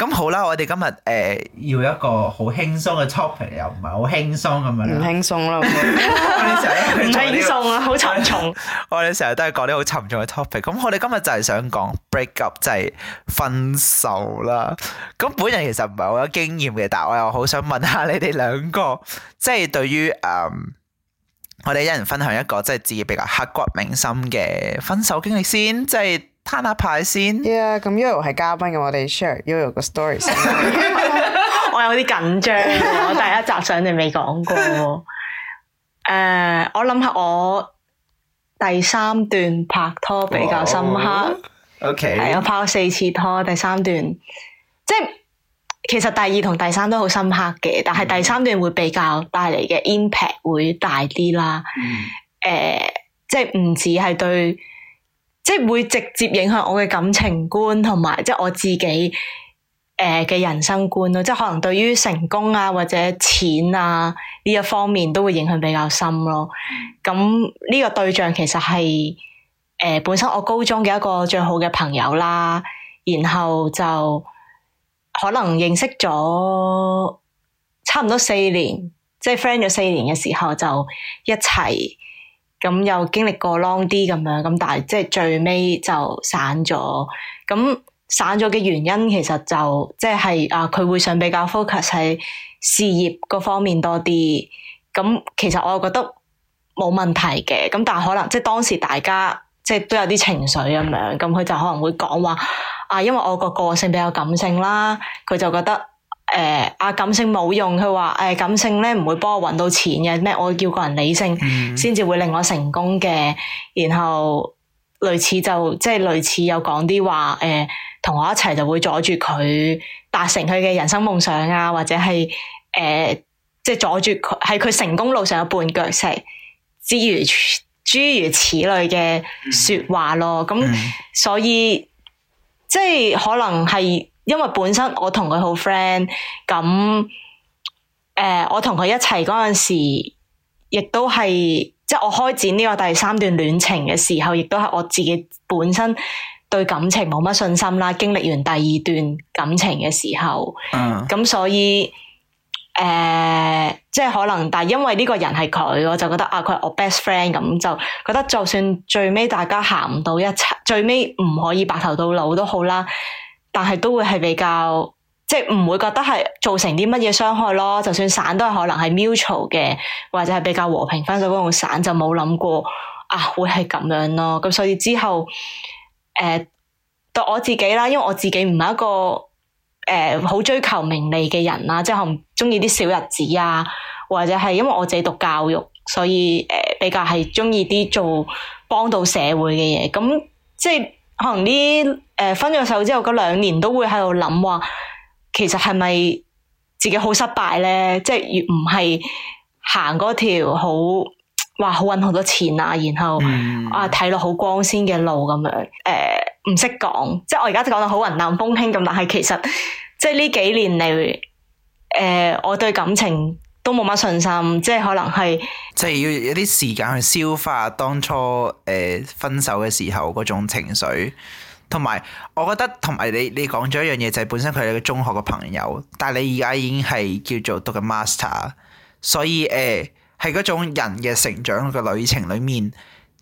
咁好啦，我哋今日誒、欸、要一個好輕鬆嘅 topic，又唔係好輕鬆咁樣，唔輕鬆啦，唔係 輕鬆啊，好沉重。 我哋成日都係講啲好沉重嘅 topic。咁我哋今日就係想講 break up，就係分手啦。咁本人其實唔係好有經驗嘅，但係我又好想問下你哋兩個，即、就、係、是、對於誒、嗯，我哋一人分享一個即係、就是、自己比較刻骨銘心嘅分手經歷先，即係。攤下牌先。係啊，咁 Yoyo 係嘉賓嘅，我哋 share Yoyo 個 story 先。我有啲緊張，我第一集上你未講過。誒、uh，我諗下我第三段拍拖比較深刻。OK。係啊，我拍咗四次拖，第三段即係其實第二同第三都好深刻嘅，但係第三段會比較帶嚟嘅 impact 會大啲啦。誒、嗯，uh, 即係唔止係對。即係會直接影響我嘅感情觀同埋，即係我自己誒嘅、呃、人生觀咯。即係可能對於成功啊或者錢啊呢一、這個、方面都會影響比較深咯。咁呢個對象其實係誒、呃、本身我高中嘅一個最好嘅朋友啦，然後就可能認識咗差唔多四年，即係 friend 咗四年嘅時候就一齊。咁、嗯、又經歷過 long 啲咁樣，咁但係即係最尾就散咗。咁散咗嘅原因其實就即係啊，佢會想比較 focus 喺事業嗰方面多啲。咁其實我又覺得冇問題嘅。咁但係可能即係當時大家即係都有啲情緒咁樣，咁佢就可能會講話啊，因為我個個性比較感性啦，佢就覺得。誒，阿、uh, 感性冇用，佢話誒，感性咧唔會幫我搵到錢嘅咩？我會叫個人理性，先至，mm hmm. 會令我成功嘅。然後類似就即係類似有，有講啲話誒，同我一齊就會阻住佢達成佢嘅人生夢想啊，或者係誒、呃，即係阻住佢喺佢成功路上嘅絆腳石，之如諸如此類嘅說話咯。咁所以即係可能係。因為本身我同佢好 friend，咁誒、呃，我同佢一齊嗰陣時，亦都係即係我開展呢個第三段戀情嘅時候，亦都係我自己本身對感情冇乜信心啦。經歷完第二段感情嘅時候，嗯、uh，咁、huh. 所以誒、呃，即係可能，但係因為呢個人係佢，我就覺得啊，佢係我 best friend，咁就覺得就算最尾大家行唔到一齊，最尾唔可以白頭到老都好啦。但係都會係比較，即係唔會覺得係造成啲乜嘢傷害咯。就算散都係可能係 mutual 嘅，或者係比較和平分手嗰種散，就冇諗過啊會係咁樣咯。咁所以之後，誒、呃，到我自己啦，因為我自己唔係一個誒好、呃、追求名利嘅人啦，即係可能中意啲小日子啊，或者係因為我自己讀教育，所以誒、呃、比較係中意啲做幫到社會嘅嘢。咁即係可能啲。誒、呃，分咗手之後嗰兩年都會喺度諗話，其實係咪自己好失敗咧？即係越唔係行嗰條好哇，好搵好多錢啊，然後、嗯、啊睇落好光鮮嘅路咁樣。誒、呃，唔識講，即係我而家就講到好雲淡風輕咁，但係其實即係呢幾年嚟，誒、呃，我對感情都冇乜信心，即係可能係即係要有啲時間去消化當初誒、呃、分手嘅時候嗰種情緒。同埋，我覺得同埋你，你講咗一樣嘢就係、是、本身佢係個中學嘅朋友，但係你而家已經係叫做讀緊 master，所以誒、係嗰種人嘅成長嘅旅程裡面。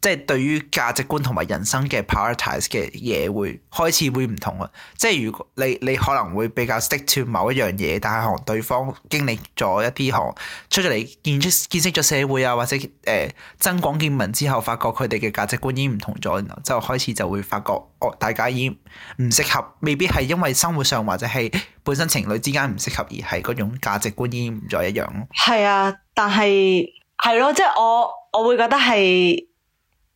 即係對於價值觀同埋人生嘅 priorities 嘅嘢，會開始會唔同啊！即係如果你你可能會比較 stick to 某一樣嘢，但係當對方經歷咗一啲行出咗嚟見，見識見識咗社會啊，或者誒、呃、增廣見聞之後，發覺佢哋嘅價值觀已經唔同咗，之後就開始就會發覺哦，大家已經唔適合，未必係因為生活上或者係本身情侶之間唔適合，而係嗰種價值觀已經唔再一樣咯。係啊，但係係咯，即係、就是、我我會覺得係。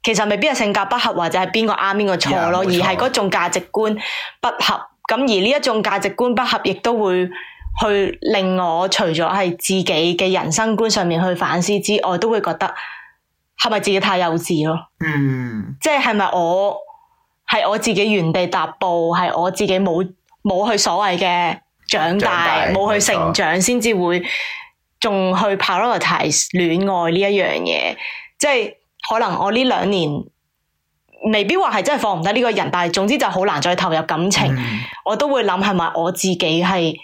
其實未必係性格不合，或者係邊個啱邊個錯咯，錯而係嗰種價值觀不合。咁而呢一種價值觀不合，亦都會去令我除咗係自己嘅人生觀上面去反思之外，都會覺得係咪自己太幼稚咯？嗯，即係係咪我係我自己原地踏步，係我自己冇冇去所謂嘅長大，冇大去成長，先至會仲去 prioritize 戀愛呢一樣嘢？即係。可能我呢兩年未必話係真係放唔低呢個人，但係總之就好難再投入感情。嗯、我都會諗係咪我自己係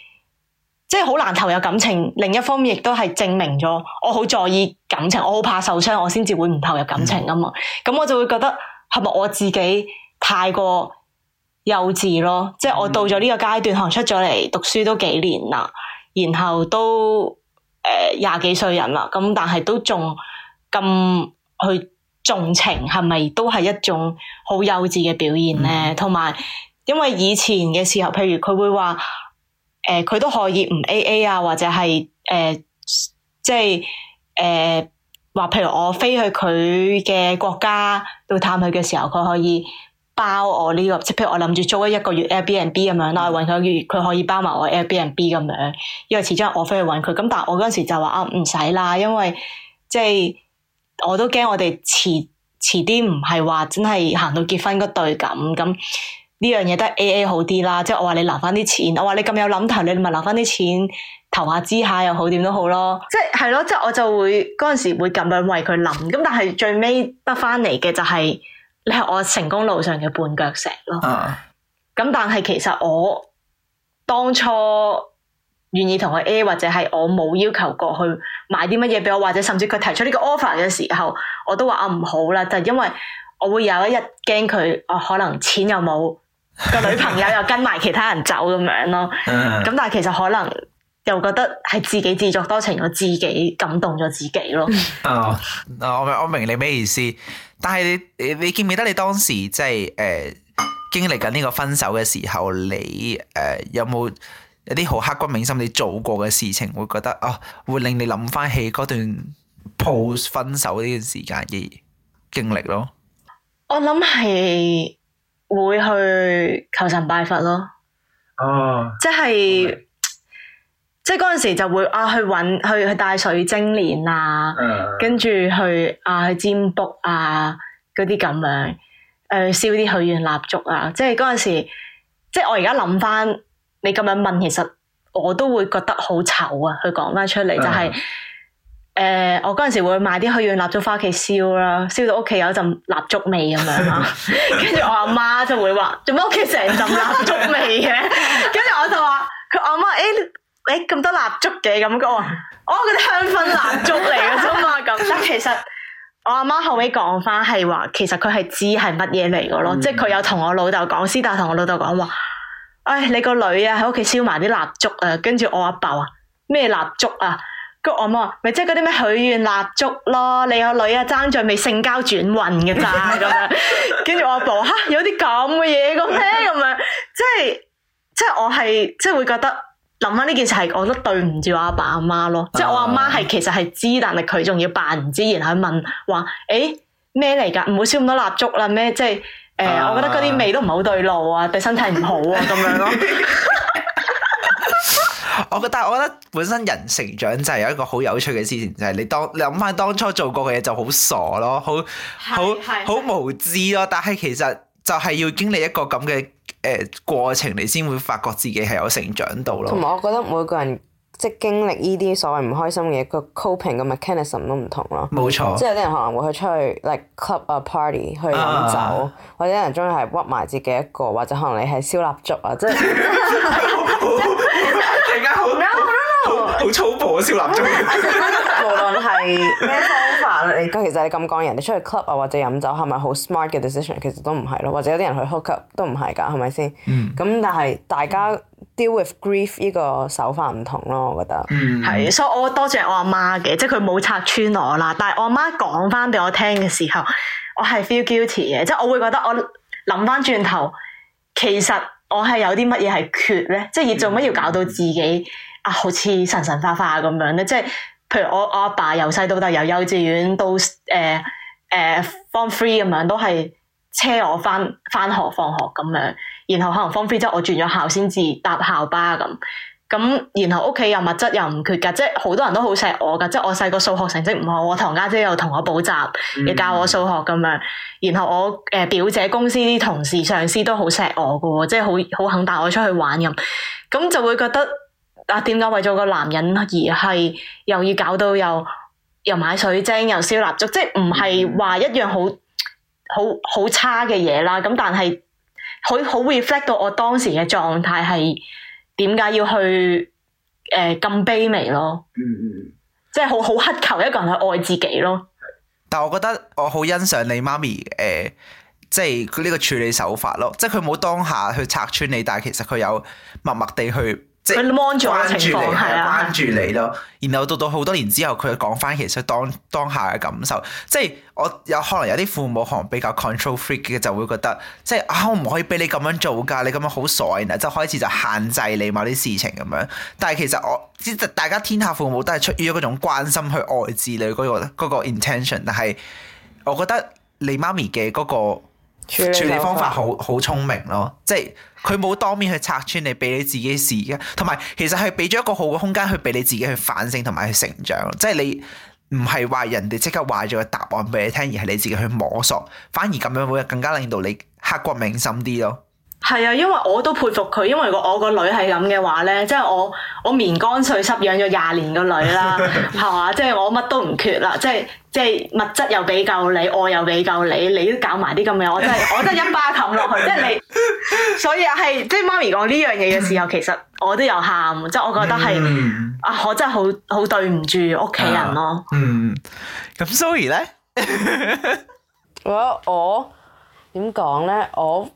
即係好難投入感情？另一方面亦都係證明咗我好在意感情，我好怕受傷，我先至會唔投入感情吖嘛？咁、嗯、我就會覺得係咪我自己太過幼稚咯？即係、嗯、我到咗呢個階段，可能出咗嚟讀書都幾年啦，然後都誒廿、呃、幾歲人啦，咁但係都仲咁。佢重情係咪都係一種好幼稚嘅表現咧？同埋，因為以前嘅時候，譬如佢會話，誒、呃，佢都可以唔 A A 啊，或者係誒、呃，即係誒，話、呃、譬如我飛去佢嘅國家度探佢嘅時候，佢可以包我呢、這個，即係譬如我諗住租一一個月 Airbnb 咁樣啦，我搵佢，佢可以包埋我 Airbnb 咁樣，因為始終我飛去搵佢，咁但係我嗰時就話啊，唔使啦，因為即係。我都驚我哋遲遲啲唔係話真係行到結婚嗰對咁咁呢樣嘢都係 A A 好啲啦，即係我話你留翻啲錢，我話你咁有諗頭，你咪留翻啲錢投下資下又好，點都好咯， 即係係咯，即係、就是、我就會嗰陣時會咁樣為佢諗，咁但係最尾得翻嚟嘅就係你係我成功路上嘅絆腳石咯。咁、嗯、但係其實我當初。願意同佢 A，或者係我冇要求過去買啲乜嘢俾我，或者甚至佢提出呢個 offer 嘅時候，我都話啊唔好啦，就係、因為我會有一日驚佢，哦可能錢又冇， 個女朋友又跟埋其他人走咁樣咯。咁 但係其實可能又覺得係自己自作多情，我自己感動咗自己咯。 哦，我我明你咩意思，但係你你記唔記得你當時即係誒經歷緊呢個分手嘅時候，你誒、呃、有冇？一啲好刻骨銘心你做過嘅事情，會覺得哦、啊，會令你諗翻起嗰段 pose 分手呢段時間嘅經歷咯。我諗係會去求神拜佛咯。哦，即係即係嗰陣時就會啊去搵去去帶水晶鏈啊，啊跟住去啊去占卜啊嗰啲咁樣，誒燒啲許願蠟燭啊，即係嗰陣時，即係我而家諗翻。你咁樣問，其實我都會覺得好醜啊！佢講翻出嚟就係、是，誒、啊呃，我嗰陣時會買啲去燃蠟燭翻屋企燒啦，燒到屋企有一陣蠟燭味咁樣啦。跟住 我阿媽就會話：做乜屋企成陣蠟燭味嘅？跟住 我就話：佢阿媽，誒、欸，喂、欸，咁多蠟燭嘅感覺，我嗰啲、哦、香薰蠟燭嚟噶啫嘛。咁但其實我阿媽後尾講翻係話，其實佢係知係乜嘢嚟噶咯，嗯、即係佢有同我老豆講，先但同我老豆講話。唉、哎，你個女啊喺屋企燒埋啲蠟燭啊，跟住我阿爸話咩蠟燭啊？跟住我媽話，咪即係嗰啲咩許願蠟燭咯，你個女啊爭在未性交轉運嘅咋咁樣？跟住 我阿爸吓，有啲咁嘅嘢嘅咩？咁樣即係即係我係即係會覺得諗翻呢件事係，我都對唔住我阿爸阿媽咯。哦、即係我阿媽係其實係知，但係佢仲要扮唔知，然後去問話，誒咩嚟噶？唔好燒咁多蠟燭啦咩？即係。誒、呃，我覺得嗰啲味都唔係好對路啊， 對身體唔好啊，咁樣咯。我覺得，我覺得本身人成長就係有一個好有趣嘅事情，就係、是、你當諗翻當初做過嘅嘢就好傻咯，好好好無知咯。是是是但係其實就係要經歷一個咁嘅誒過程，你先會發覺自己係有成長到咯。同埋我覺得每個人。即係經歷呢啲所謂唔開心嘅嘢，個 coping 嘅 mechanism 都唔同咯。冇錯，即係有啲人可能會去出去 like club a party 去飲酒，uh, 或者有人中意係屈埋自己一個，或者可能你係燒蠟燭啊，即係突然間好粗暴啊！燒蠟燭。 無論係咩方法，你咁其實你咁講，人哋出去 club 啊或者飲酒係咪好 smart 嘅 decision？其實都唔係咯，或者有啲人去 hook up，都唔係㗎，係咪先？咁、嗯、 但係大家。deal with grief，呢個手法唔同咯，嗯，我覺得係，所以我多謝我阿媽嘅，即係佢冇拆穿我啦。但係我阿媽講翻俾我聽嘅時候，我係 feel guilty 嘅，即係我會覺得我諗翻轉頭，其實我係有啲乜嘢係缺咧，即係要做乜要搞到自己、嗯、啊，好似神神化化咁樣咧。即係譬如我我阿爸由細到大，由幼稚園到誒誒、呃呃、form three 咁樣，都係車我翻翻學放學咁樣。然後可能方 o r 之後我轉咗校先至搭校巴咁，咁然後屋企又物質又唔缺噶，即係好多人都好錫我噶，即係我細個數學成績唔好，我堂家姐又同我補習，又教我數學咁樣。然後我誒表姐公司啲同事上司都好錫我噶，即係好好肯帶我出去玩咁，咁就會覺得啊點解為咗個男人而係又要搞到又又買水晶又燒蠟燭，即係唔係話一樣好好好差嘅嘢啦？咁但係。佢好，好 reflect 到我當時嘅狀態係點解要去誒咁、呃、卑微咯，嗯嗯，即係好好乞求一個人去愛自己咯。但係我覺得我好欣賞你媽咪誒、呃，即係佢呢個處理手法咯，即係佢冇當下去拆穿你，但係其實佢有默默地去。佢望住你，係啊，關注你咯。然後到到好多年之後，佢講翻其實當當下嘅感受。即係我有可能有啲父母可能比較 control f r e a 嘅，就會覺得即係啊，我唔可以俾你咁樣做㗎，你咁樣好傻然啊！就開始就限制你某啲事情咁樣。但係其實我，即大家天下父母都係出於嗰種關心去愛子你嗰、那個嗰、那個 intention。但係我覺得你媽咪嘅嗰個。處理方法好好聰明咯，即係佢冇當面去拆穿你，俾你自己試嘅。同埋其實係俾咗一個好嘅空間去俾你自己去反省同埋去成長。即係你唔係話人哋即刻話咗個答案俾你聽，而係你自己去摸索，反而咁樣會更加令到你刻骨銘心啲咯。係啊 esta、yeah,，因為我都佩服佢，因為如果我個女係咁嘅話咧，即係我我棉乾水濕養咗廿年個女啦，係嘛， 即係我乜都唔缺啦，即係即係物質又俾夠你，愛又俾夠你，你都搞埋啲咁嘅，我真係我， 我真係一巴冚落去，即係你，所以係即係媽咪講呢樣嘢嘅時候，其實我都有喊，即係我覺得係啊，我真係好好對唔住屋企人咯、啊啊。嗯，咁 Zoe 咧，我我點講咧，我。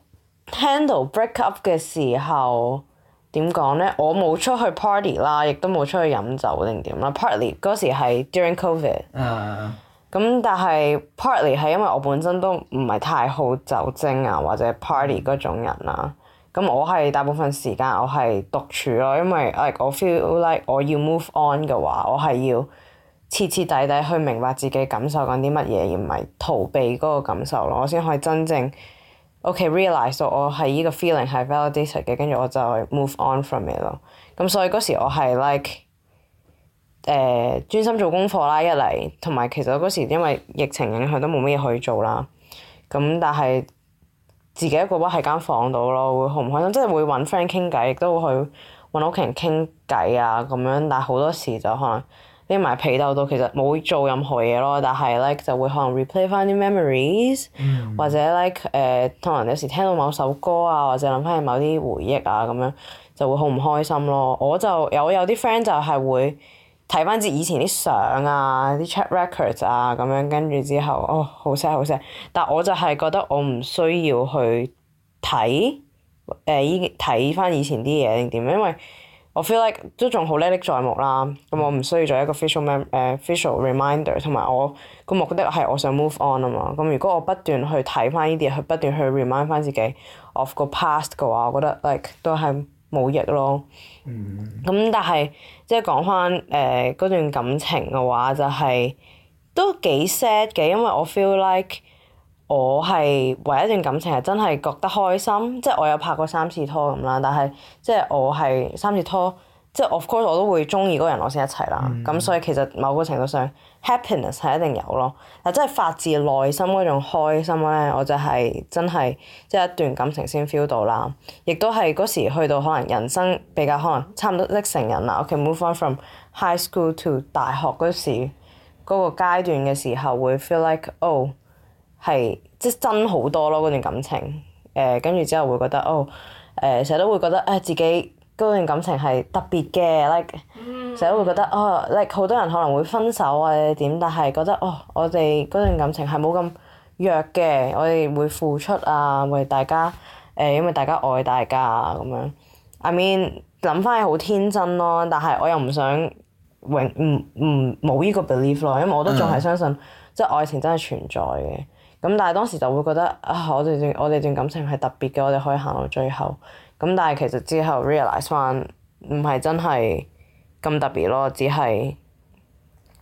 handle break up 嘅時候點講呢？我冇出去 party 啦，亦都冇出去飲酒定點啦。Partly 嗰時係 during COVID，咁、uh. 但係 partly 係因為我本身都唔係太好酒精啊或者 party 嗰種人啦。咁我係大部分時間我係獨處咯，因為誒、like, 我 feel like 我要 move on 嘅話，我係要徹徹底底去明白自己感受緊啲乜嘢，而唔係逃避嗰個感受咯，我先可以真正。OK, realize 我係依個 feeling 係 validated 嘅，跟住我就 move on from it 咯。咁所以嗰時我係 like，誒專心做功課啦，一嚟同埋其實嗰時因為疫情影響都冇乜嘢去做啦。咁但係，自己一個喎，喺間房度咯，會好唔開心，即係會揾 friend 傾偈，亦都會去揾屋企人傾偈啊咁樣。但係好多時就可能。匿埋被兜到其實冇做任何嘢咯。但係咧，就會可能 replay 翻啲 memories，或者 like 誒、呃，可能有時聽到某首歌啊，或者諗翻起某啲回憶啊，咁樣就會好唔開心咯。我就我有有啲 friend 就係會睇翻啲以前啲相啊，啲 check records 啊，咁樣跟住之後，哦，好 sad 好 sad 但我就係覺得我唔需要去睇誒依睇翻以前啲嘢定點，因為。我 feel like 都仲好歷歷在目啦，咁、嗯、我唔需要做一個 facial m facial、uh, reminder，同埋我個目的係我想 move on 啊嘛。咁、嗯、如果我不斷去睇翻呢啲，去不斷去 remind 翻自己 of 個 past 嘅話，我覺得 like 都係冇益咯。咁、mm hmm. 嗯、但係即係講翻誒嗰段感情嘅話，就係、是、都幾 sad 嘅，因為我 feel like。我係唯一一段感情係真係覺得開心，即係我有拍過三次拖咁啦。但係即係我係三次拖，即係 of course 我都會中意嗰個人，我先一齊啦。咁、嗯、所以其實某個程度上，happiness 係一定有咯。但真係發自內心嗰種開心咧，我就係真係即係一段感情先 feel 到啦。亦都係嗰時去到可能人生比較可能差唔多的成人啦，OK move on from high school to 大學嗰時嗰個階段嘅時候會 feel like oh。係，即真好多咯嗰段感情。誒、呃，跟住之後會覺得，哦，誒成日都會覺得，誒、呃、自己嗰段感情係特別嘅咧。成、like, 日、mm. 都會覺得，哦，咧、like, 好多人可能會分手啊，或者點，但係覺得，哦，我哋嗰段感情係冇咁弱嘅。我哋會付出啊，為大家誒、呃，因為大家愛大家啊咁樣。I mean，諗翻係好天真咯，但係我又唔想永唔唔冇呢個 belief 咯，因為我都仲係相信，mm. 即愛情真係存在嘅。咁但係當時就會覺得啊，我哋段我哋段感情係特別嘅，我哋可以行到最後。咁但係其實之後 realize 翻，唔係真係咁特別咯，只係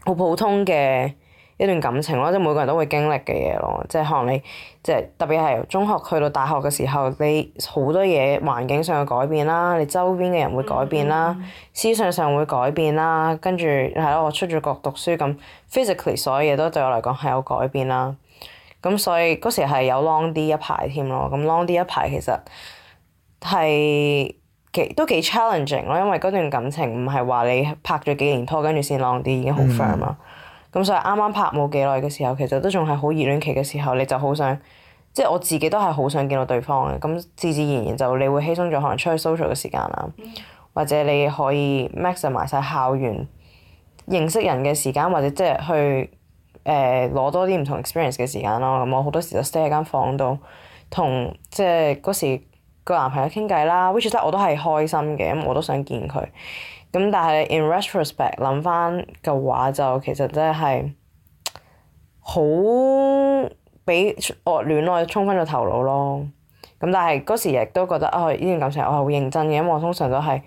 好普通嘅一段感情咯，即係每個人都會經歷嘅嘢咯。即係可能你即係特別係中學去到大學嘅時候，你好多嘢環境上嘅改變啦，你周邊嘅人會改變啦，mm hmm. 思想上會改變啦，跟住係咯，我出咗國讀書咁，physically 所有嘢都對我嚟講係有改變啦。咁所以嗰時係有 long 啲一排添咯，咁 long 啲一排其實係幾都幾 challenging 咯，因為嗰段感情唔係話你拍咗幾年拖跟住先 long 啲，已經好 firm 啦。咁、嗯、所以啱啱拍冇幾耐嘅時候，其實都仲係好熱戀期嘅時候，你就好想，即係我自己都係好想見到對方嘅。咁自自然然就你會犧牲咗可能出去 social 嘅時間啦，或者你可以 max 埋晒校園認識人嘅時間，或者即係去。誒攞、呃、多啲唔同嘅 experience 嘅時間咯，咁、嗯、我好多時就 stay 喺間房度，同即係嗰時個男朋友傾偈啦，which 即我都係開心嘅，咁我都想見佢。咁、嗯、但係 in retrospect 諗翻嘅話，就其實真係好俾惡戀愛沖昏咗頭腦咯。咁、嗯、但係嗰時亦都覺得啊，呢、呃、段感情我係好認真嘅，因為我通常都係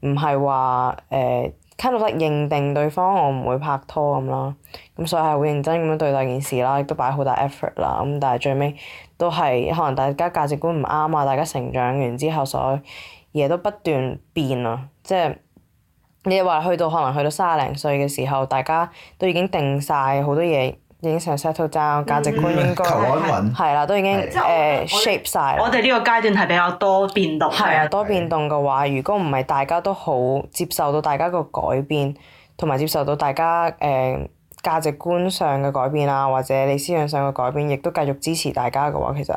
唔係話誒。Kind of like 認定對方，我唔會拍拖咁啦，咁所以係會認真咁樣對待件事啦，亦都擺好大 effort 啦，咁但係最尾都係可能大家價值觀唔啱啊，大家成長完之後，所有嘢都不斷變啊，即係你話去到可能去到三廿零歲嘅時候，大家都已經定晒好多嘢。形成 settle down 價值觀，應該係啦、嗯，都已經誒 shape 曬。我哋呢個階段係比較多變動。係啊，啊，多變動嘅話，如果唔係大家都好接受到大家個改變，同埋接受到大家誒、呃、價值觀上嘅改變啊，或者你思想上嘅改變，亦都繼續支持大家嘅話，其實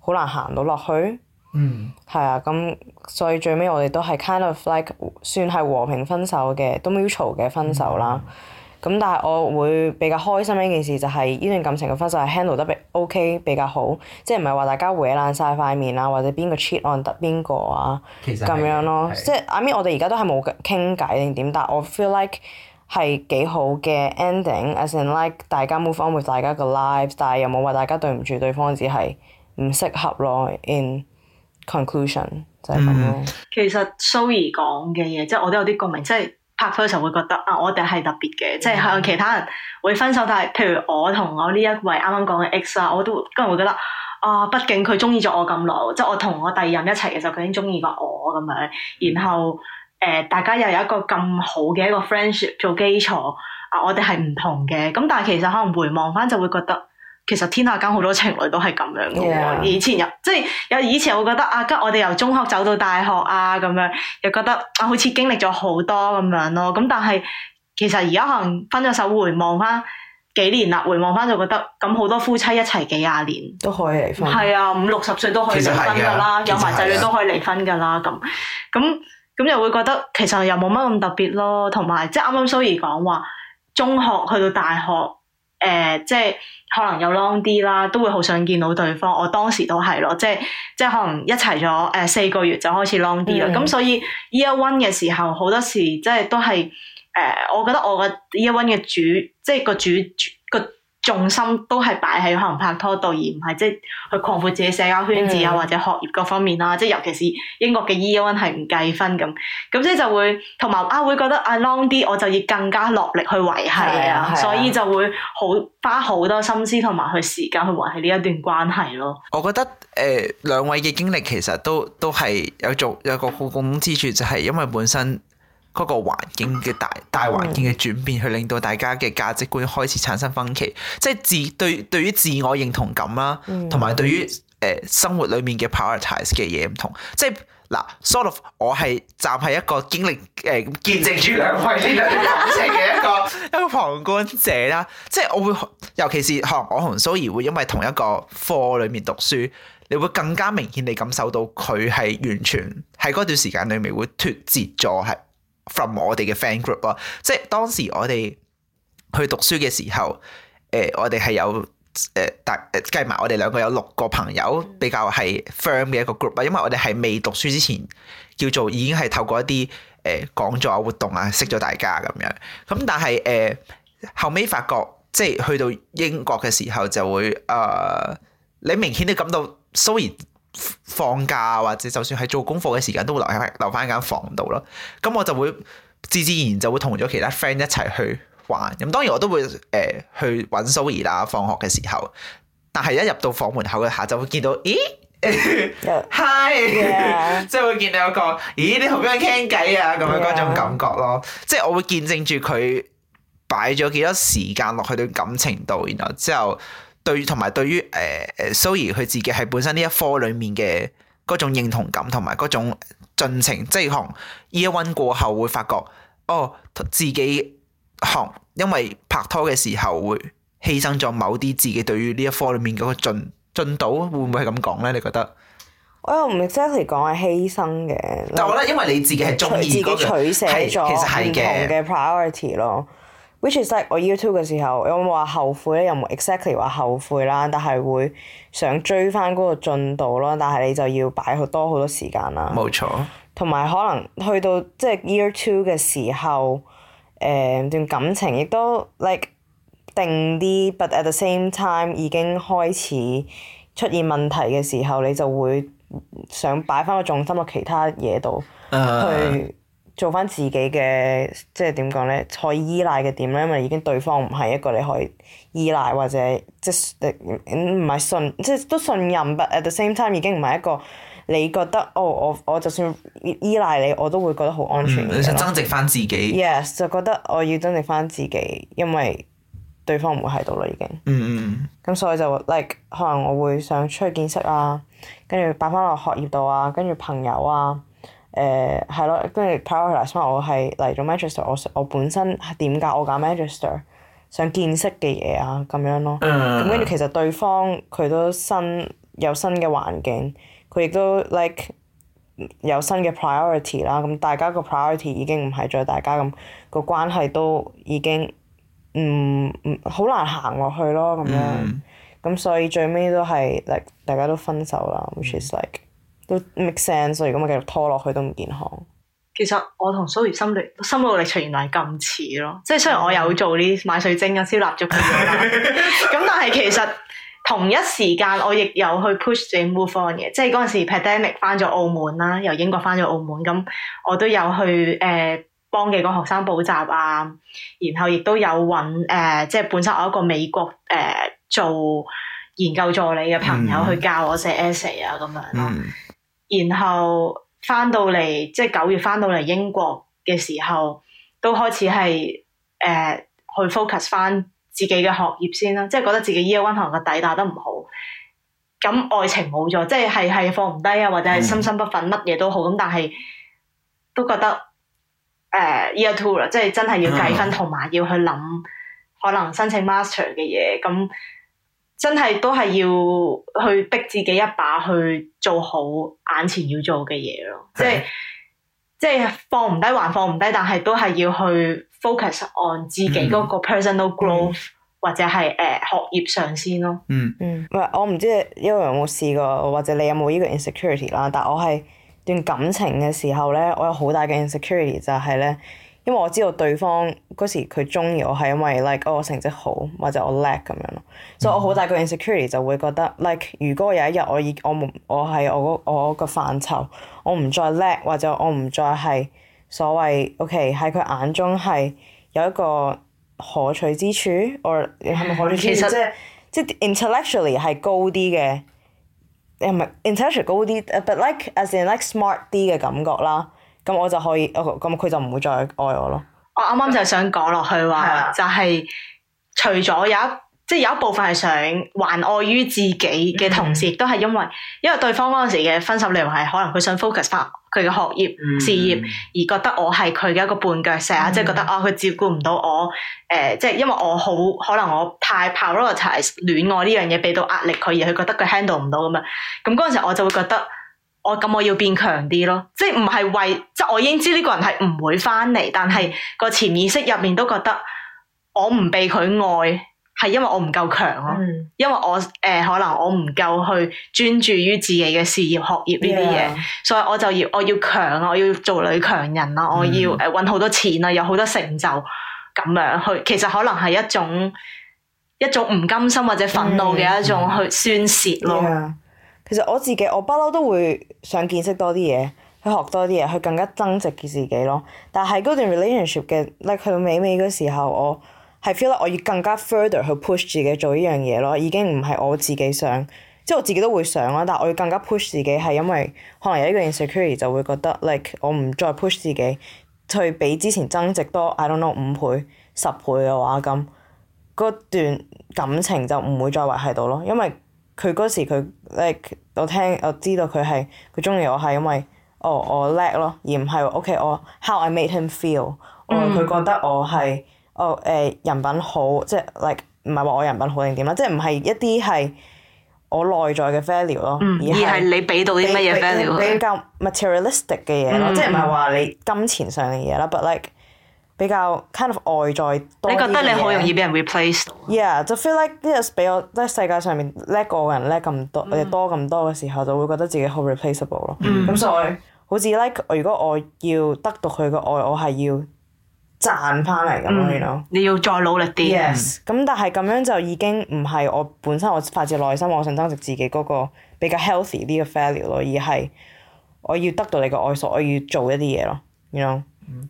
好難行到落去。嗯。係啊，咁所以最尾我哋都係 kind of like 算係和平分手嘅，都冇嘈嘅分手啦。嗯。咁但係我會比較開心一件事就係呢段感情嘅分手係 handle 得比 OK 比較好，即係唔係話大家搲爛晒塊面啊，或者邊個 cheat on 得邊個啊，咁樣咯。的即係 I mean 我哋而家都係冇傾偈定點，但我 feel like 係幾好嘅 ending，as in like 大家 move on with 大家嘅 lives，但係又冇話大家對唔住對方，只係唔適合咯。In conclusion 就係咁咯。嗯、其實 Zoe 講嘅嘢即係我都有啲共鳴，即係。拍拖嘅時候會覺得啊，我哋係特別嘅，即係向其他人會分手，但係譬如我同我呢一位啱啱講嘅 ex 啊，我都今日會覺得啊，畢竟佢中意咗我咁耐，即係我同我第二任一齊嘅時候，佢已經中意過我咁樣，然後誒、呃，大家又有一個咁好嘅一個 friendship 做基礎，啊，我哋係唔同嘅，咁但係其實可能回望翻就會覺得。其實天下間好多情侶都係咁樣嘅喎，以前又即係有以前會覺得啊，吉我哋由中學走到大學啊咁樣，又覺得啊好似經歷咗好多咁樣咯。咁但係其實而家可能分咗手回，回望翻幾年啦，回望翻就覺得咁好多夫妻一齊幾廿年都可以離婚，係啊，五六十歲都可以離婚噶啦，有埋仔女都可以離婚噶啦咁，咁咁又會覺得其實又冇乜咁特別咯。同埋即係啱啱 Zoe 講話，中學去到大學。誒、呃，即係可能有 long 啲啦，都會好想見到對方。我當時都係咯，即係即係可能一齊咗誒四個月就開始 long 啲啦。咁、mm hmm. 嗯、所以 year one 嘅時候，好多時即係都係誒、呃，我覺得我嘅 year one 嘅主，即係個主，主個。重心都係擺喺可能拍拖度，而唔係即係去擴闊自己社交圈子啊，mm hmm. 或者學業各方面啦。即係尤其是英國嘅 EON 係唔計分咁，咁即係就會同埋啊會覺得啊 long 啲，我就要更加落力去維係啊，啊所以就會好花好多心思同埋去時間去維係呢一段關係咯。我覺得誒、呃、兩位嘅經歷其實都都係有做有個好共同之處，就係、是、因為本身。嗰個環境嘅大大環境嘅轉變，去令到大家嘅價值觀開始產生分歧，即係自對對於自我認同感啦，同埋對於誒、呃、生活裡面嘅 prioritize 嘅嘢唔同。即係嗱，sort of 我係站喺一個經歷誒見證住兩位嘅一個 一個旁觀者啦。即係我會，尤其是可能我同蘇怡會因為同一個課裡面讀書，你會更加明顯地感受到佢係完全喺嗰段時間裡面會脱節咗係。From 我哋嘅 friend group 咯，即係當時我哋去讀書嘅時候，誒、呃，我哋係有誒，但計埋我哋兩個有六個朋友比較係 firm 嘅一個 group 啊，因為我哋係未讀書之前，叫做已經係透過一啲誒、呃、講座活動啊，識咗大家咁樣，咁但係誒、呃、後尾，發覺，即係去到英國嘅時候就會誒、呃，你明顯都感到 sorry。放假或者就算係做功課嘅時間，都會留喺留翻間房度咯。咁我就會自自然然就會同咗其他 friend 一齊去玩。咁當然我都會誒、呃、去揾蘇怡啦。放學嘅時候，但係一入到房門口嘅下就會見到咦，Hi，即係會見到一個咦你同邊個傾偈啊咁樣嗰 Yeah. 種感覺咯。即係我會見證住佢擺咗幾多時間落去對感情度，然後之後。對，同埋對於誒誒 Zoe 佢自己係本身呢一科裡面嘅嗰種認同感，同埋嗰種進程，即係行 year one 過後會發覺，哦，自己行，因為拍拖嘅時候會犧牲咗某啲自己對於呢一科裡面嗰個進度，會唔會係咁講咧？你覺得？我又唔係真係講係犧牲嘅，但我覺得因為你自己係中意，自己取捨咗唔同嘅 priority 咯。Which is like 我 year two 嘅時候，有冇話後悔咧？有冇 exactly 話後悔啦，但係會想追翻嗰個進度咯。但係你就要擺好多好多時間啦。冇錯。同埋可能去到即係、就是、year two 嘅時候，誒、呃、段感情亦都 like 定啲，but at the same time 已經開始出現問題嘅時候，你就會想擺翻個重心落其他嘢度去、uh。Huh. 去做翻自己嘅，即係點講呢？可以依賴嘅點呢？因為已經對方唔係一個你可以依賴或者即係唔唔係信，即係都信任。But at the same time 已經唔係一個你覺得哦，我我就算依賴你，我都會覺得好安全、嗯。你想增值翻自己？Yes，就覺得我要增值翻自己，因為對方唔會喺度啦，已經。嗯嗯，咁所以就 like 可能我會想出去見識啊，跟住擺翻落學業度啊，跟住朋友啊。誒係咯，跟住 prioritize 翻我係嚟咗 Manchester，我我本身係點解我揀 Manchester？想見識嘅嘢啊，咁樣咯。咁跟住其實對方佢都新有新嘅環境，佢亦都 like 有新嘅 priority 啦。咁大家個 priority 已經唔係再大家咁，咁個關係都已經唔唔好難行落去咯。咁樣咁，uh. 所以最尾都係 like 大家都分手啦，which is like 都 make sense，所以咁我繼續拖落去都唔健康。其實我同 s 蘇兒心力心路歷程原來係咁似咯，即係雖然我有做呢買水晶啊、燒蠟燭咁，但係其實同一時間我亦有去 push 嘅 move on 嘅，即係嗰陣時 pandemic 翻咗澳門啦，由英國翻咗澳門，咁我都有去誒、呃、幫幾個學生補習啊，然後亦都有揾誒、呃，即係本身我一個美國誒、呃、做研究助理嘅朋友去教我寫 essay 啊咁、嗯、樣咯。嗯。然後翻到嚟，即係九月翻到嚟英國嘅時候，都開始係誒、呃、去 focus 翻自己嘅學業先啦，即係覺得自己 year one 學嘅底打得唔好，咁愛情冇咗，即係係係放唔低啊，或者係心心不忿乜嘢都好，咁但係都覺得誒、呃、year two 啦，即係真係要計分，同埋要去諗可能申請 master 嘅嘢咁。真係都係要去逼自己一把去做好眼前要做嘅嘢咯，嗯、即係即係放唔低還放唔低，但係都係要去 focus on 自己嗰個 personal growth、嗯、或者係誒、呃、學業上先咯。嗯嗯，嗯我我唔知你因為有冇試過，或者你有冇呢個 insecurity 啦，但我係段感情嘅時候咧，我有好大嘅 insecurity 就係咧。因為我知道對方嗰時佢中意我係因為 like 我、 like，成績好或者我叻咁樣咯，所、so，以我好大個 insecurity 就會覺得 like 如果有一日我已我唔我喺我我個範疇，我唔再叻或者我唔再係所謂 OK 喺佢眼中係有一個可取之處 or 係咪可取之處？其實即係即 intellectually 係高啲嘅，誒唔係 intellectual 高啲，but like as in like smart 啲嘅感覺啦。咁我就可以，我咁佢就唔會再愛我咯。我啱啱就想講落去話，的就係除咗有一，即、就、係、是、有一部分係想還愛於自己嘅同時亦、嗯、都係因為因為對方嗰陣時嘅分手理由係可能佢想 focus 翻佢嘅學業、嗯、事業，而覺得我係佢嘅一個絆腳石，成日即係覺得、嗯、啊，佢照顧唔到我，誒、呃，即、就、係、是、因為我好可能我太 prioritise 戀愛呢樣嘢，俾到壓力佢而佢覺得佢 handle 唔到咁啊。咁嗰陣時我就會覺得。我咁我要變強啲咯，即係唔係為，即係我已經知呢個人係唔會翻嚟，但係個潛意識入面都覺得我唔被佢愛，係因為我唔夠強咯，嗯、因為我誒、呃、可能我唔夠去專注於自己嘅事業學業呢啲嘢，Yeah. 所以我就要我要強，我要做女強人啦，我要誒搵好多錢啦，有好多成就咁樣去，其實可能係一種一種唔甘心或者憤怒嘅一種去宣泄咯。Yeah. 其實我自己，我不嬲都會想見識多啲嘢，去學多啲嘢，去更加增值嘅自己咯。但係嗰段 relationship 嘅 like 去到尾尾嘅時候，我係 feel 得我要更加 further 去 push 自己做呢樣嘢咯。已經唔係我自己想，即係我自己都會想啦。但係我要更加 push 自己係因為可能有一個 insecurity 就會覺得 like 我唔再 push 自己去比之前增值多，I don't know 五倍、十倍嘅話咁，嗰段感情就唔會再維繫到咯，因為，佢嗰時佢 l、like，我聽我知道佢係佢中意我係因為、哦、我我叻咯，而唔係 OK 我 how I made him feel，我佢、嗯哦、覺得我係我誒人品好，即係 like 唔係話我人品好定點啦，即係唔係一啲係我內在嘅 value 咯，嗯、而係是你俾到啲乜嘢 value 比較 materialistic 嘅嘢咯，嗯、即係唔係話你金錢上嘅嘢啦，but like 比較 kind of 外在，多，你覺得你好容易俾人 replace？Yeah，就 feel like 呢樣比較，即係世界上面叻過人叻咁多，亦、mm. 多咁多嘅時候，就會覺得自己好 replaceable 咯。咁、mm, 嗯、所以，好似 like，如果我要得到佢嘅愛，我係要賺翻嚟咁樣咯，you know？你要再努力啲。Yes。咁但係咁樣就已經唔係我本身我發自內心我想增值自己嗰個比較 healthy 啲嘅 value 咯，而係我要得到你嘅愛，所以我要做一啲嘢咯，you know？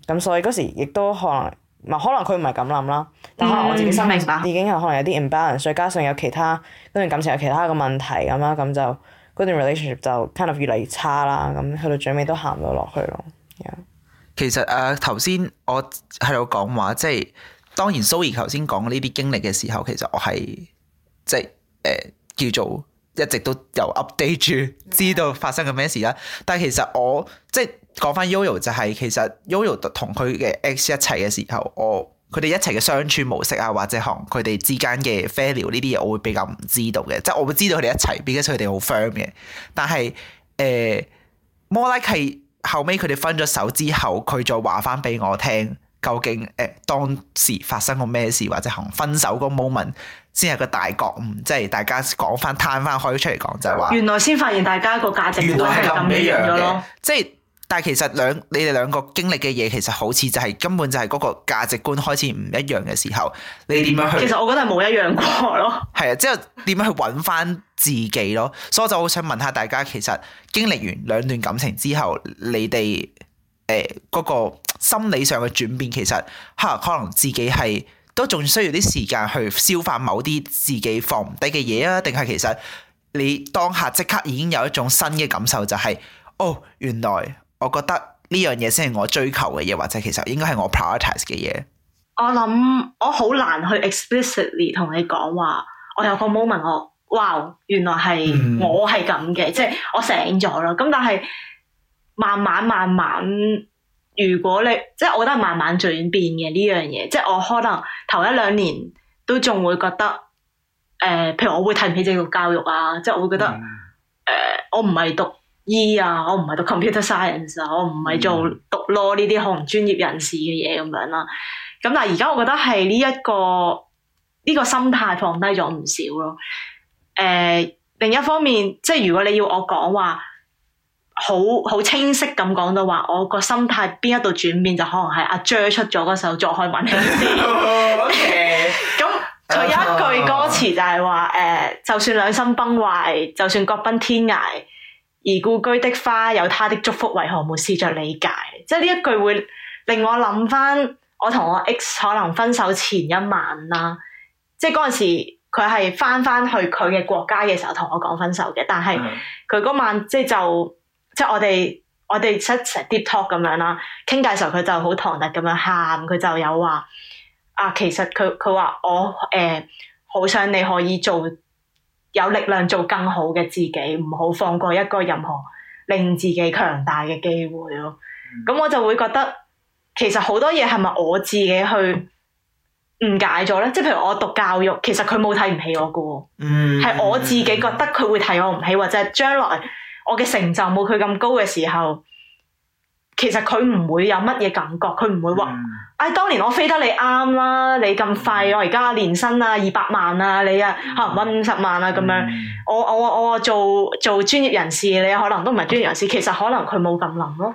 咁 所以嗰時亦都可能，唔係可能佢唔係咁諗啦，但可能我自己心理已經係可能有啲唔 balance，再加上有其他嗰段感情有其他嘅問題咁啦，咁就嗰段 relationship 就 kind of 越嚟越差啦，咁去到最尾都行唔到落去咯。Yeah. 其實誒頭先我喺度講話，即係當然 Zoe 頭先講呢啲經歷嘅時候，其實我係即係誒、呃、叫做一直都有 update 住，知道發生緊咩事啦。Yeah. 但係其實我即係。講翻 Yoyo 就係其實 Yoyo 同佢嘅 ex 一齊嘅時候，我佢哋一齊嘅相處模式啊，或者行佢哋之間嘅 friend 聊呢啲嘢，我會比較唔知道嘅。即係我會知道佢哋一齊，變咗佢哋好 friend 嘅。但係誒、呃、，more like 係後屘佢哋分咗手之後，佢再話翻俾我聽，究竟誒當時發生過咩事，或者行分手嗰 moment 先係個大覺悟，即係大家講翻、攤翻、開出嚟講，就係、是、話原來先發現大家個價值係咁樣嘅，樣即係。但係其實兩你哋兩個經歷嘅嘢，其實好似就係、是、根本就係嗰個價值觀開始唔一樣嘅時候，你點樣去？其實我覺得係冇一樣過咯。係啊， 之後點樣去揾翻自己咯？所以我就好想問下大家，其實經歷完兩段感情之後，你哋誒嗰個心理上嘅轉變，其實吓可能自己係都仲需要啲時間去消化某啲自己放唔低嘅嘢啊？定係其實你當下即刻已經有一種新嘅感受、就是，就係哦，原來。我覺得呢樣嘢，先係我追求嘅嘢，或者其實應該係我 prioritize 嘅嘢。我諗我好難去 explicitly 同你講話，我有個 moment 我哇，原來係我係咁嘅，嗯、即係我醒咗啦。咁但係慢慢慢慢，如果你即係我覺得係慢慢轉變嘅呢樣嘢，即係我可能頭一兩年都仲會覺得，誒、呃，譬如我會睇唔起呢個教育啊，即係我會覺得，誒、嗯呃，我唔係讀。醫啊，我唔係讀 computer science 啊，我唔係做讀 law 呢啲好唔專業人士嘅嘢咁樣啦、啊。咁但係而家我覺得係呢一個呢、這個心態放低咗唔少咯。誒、呃、另一方面，即係如果你要我講話，好好清晰咁講到話，我個心態邊一度轉變，就可能係阿 j a、er、d 出咗嗰首《作開運氣》先。咁佢一句歌詞就係話：誒、呃，就算兩心崩壞，就算各奔天涯。而故居的花有他的祝福，為何沒試着理解？即係呢一句會令我諗翻，我同我 ex 可能分手前一晚啦，即係嗰陣時，佢係翻翻去佢嘅國家嘅時候同我講分手嘅，但係佢嗰晚即係就即係我哋我哋出成 deep talk 咁樣啦，傾偈嘅時候佢就好唐突咁樣喊，佢就有話啊，其實佢佢話我誒好、呃、想你可以做。有力量做更好嘅自己，唔好放過一個任何令自己強大嘅機會咯。咁我就會覺得，其實好多嘢係咪我自己去誤解咗咧？即係譬如我讀教育，其實佢冇睇唔起我噶，係、嗯、我自己覺得佢會睇我唔起，或者係將來我嘅成就冇佢咁高嘅時候。其實佢唔會有乜嘢感覺，佢唔會話，嗯、哎，當年我飛得你啱啦，啊，你咁快，我而家年薪啊二百萬啊，你啊可能搵五十萬啊咁樣。嗯、我我我做做專業人士，你、啊、可能都唔係專業人士，其實可能佢冇咁諗咯。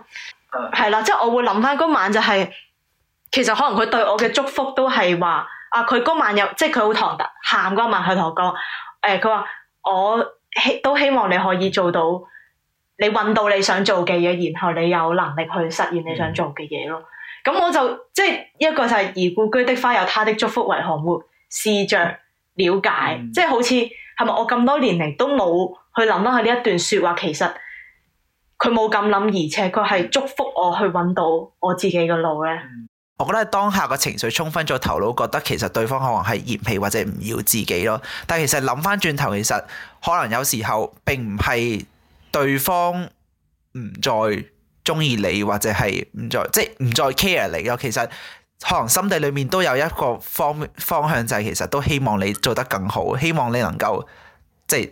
係啦，嗯，即係我會諗返嗰晚就係，是，其實可能佢對我嘅祝福都係話，啊，佢嗰晚又即係佢好唐突，喊嗰晚佢同我講，誒、呃，佢話我希都希望你可以做到。你揾到你想做嘅嘢，然後你有能力去實現你想做嘅嘢咯。咁、嗯、我就即係、就是、一個就係，而故居的花有他的祝福為何活，試着了解，即係、嗯、好似係咪我咁多年嚟都冇去諗返佢？呢一段說話其實佢冇咁諗，而且佢係祝福我去揾到我自己嘅路咧、嗯。我覺得喺當下個情緒沖昏咗頭腦，覺得其實對方可能係嫌棄或者唔要自己咯。但係其實諗翻轉頭，其實可能有時候並唔係。對方唔再鍾意你，或者係唔再即係唔再 care 你咯。其實可能心底裡面都有一個方方向，就係其實都希望你做得更好，希望你能夠即係誒、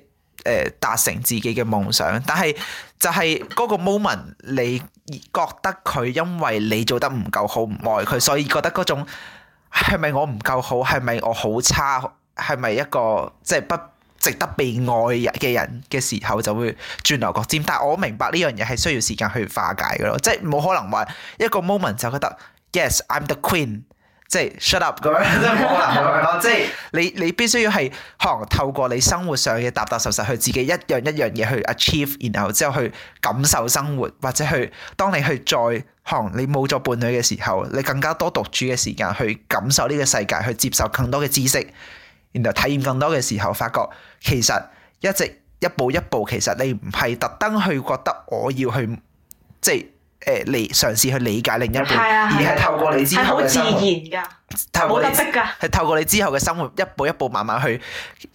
呃、達成自己嘅夢想。但係就係嗰個 moment，你覺得佢因為你做得唔夠好，唔愛佢，所以覺得嗰種係咪我唔夠好？係咪我好差？係咪一個即係不值得被愛嘅人嘅時候就會鑽牛角尖，但係我明白呢樣嘢係需要時間去化解嘅咯，即係冇可能話一個 moment 就覺得 yes I'm the queen，即係 shut up 咁樣，真 冇 可能嘅。 即係你你必須要係可能透過你生活上嘅踏踏實實去自己一樣一樣嘢去 achieve，然後之後去感受生活，或者去當你去再可能你冇咗伴侶嘅時候，你更加多獨處嘅時間去感受呢個世界，去接受更多嘅知識。然後體驗更多嘅時候，發覺其實一直一步一步，其實你唔係特登去覺得我要去，即係誒理嘗試去理解另一邊，係啊，而係透過你之後嘅生活，好自然㗎，好特別㗎，係透過你之後嘅生活一步一步慢慢去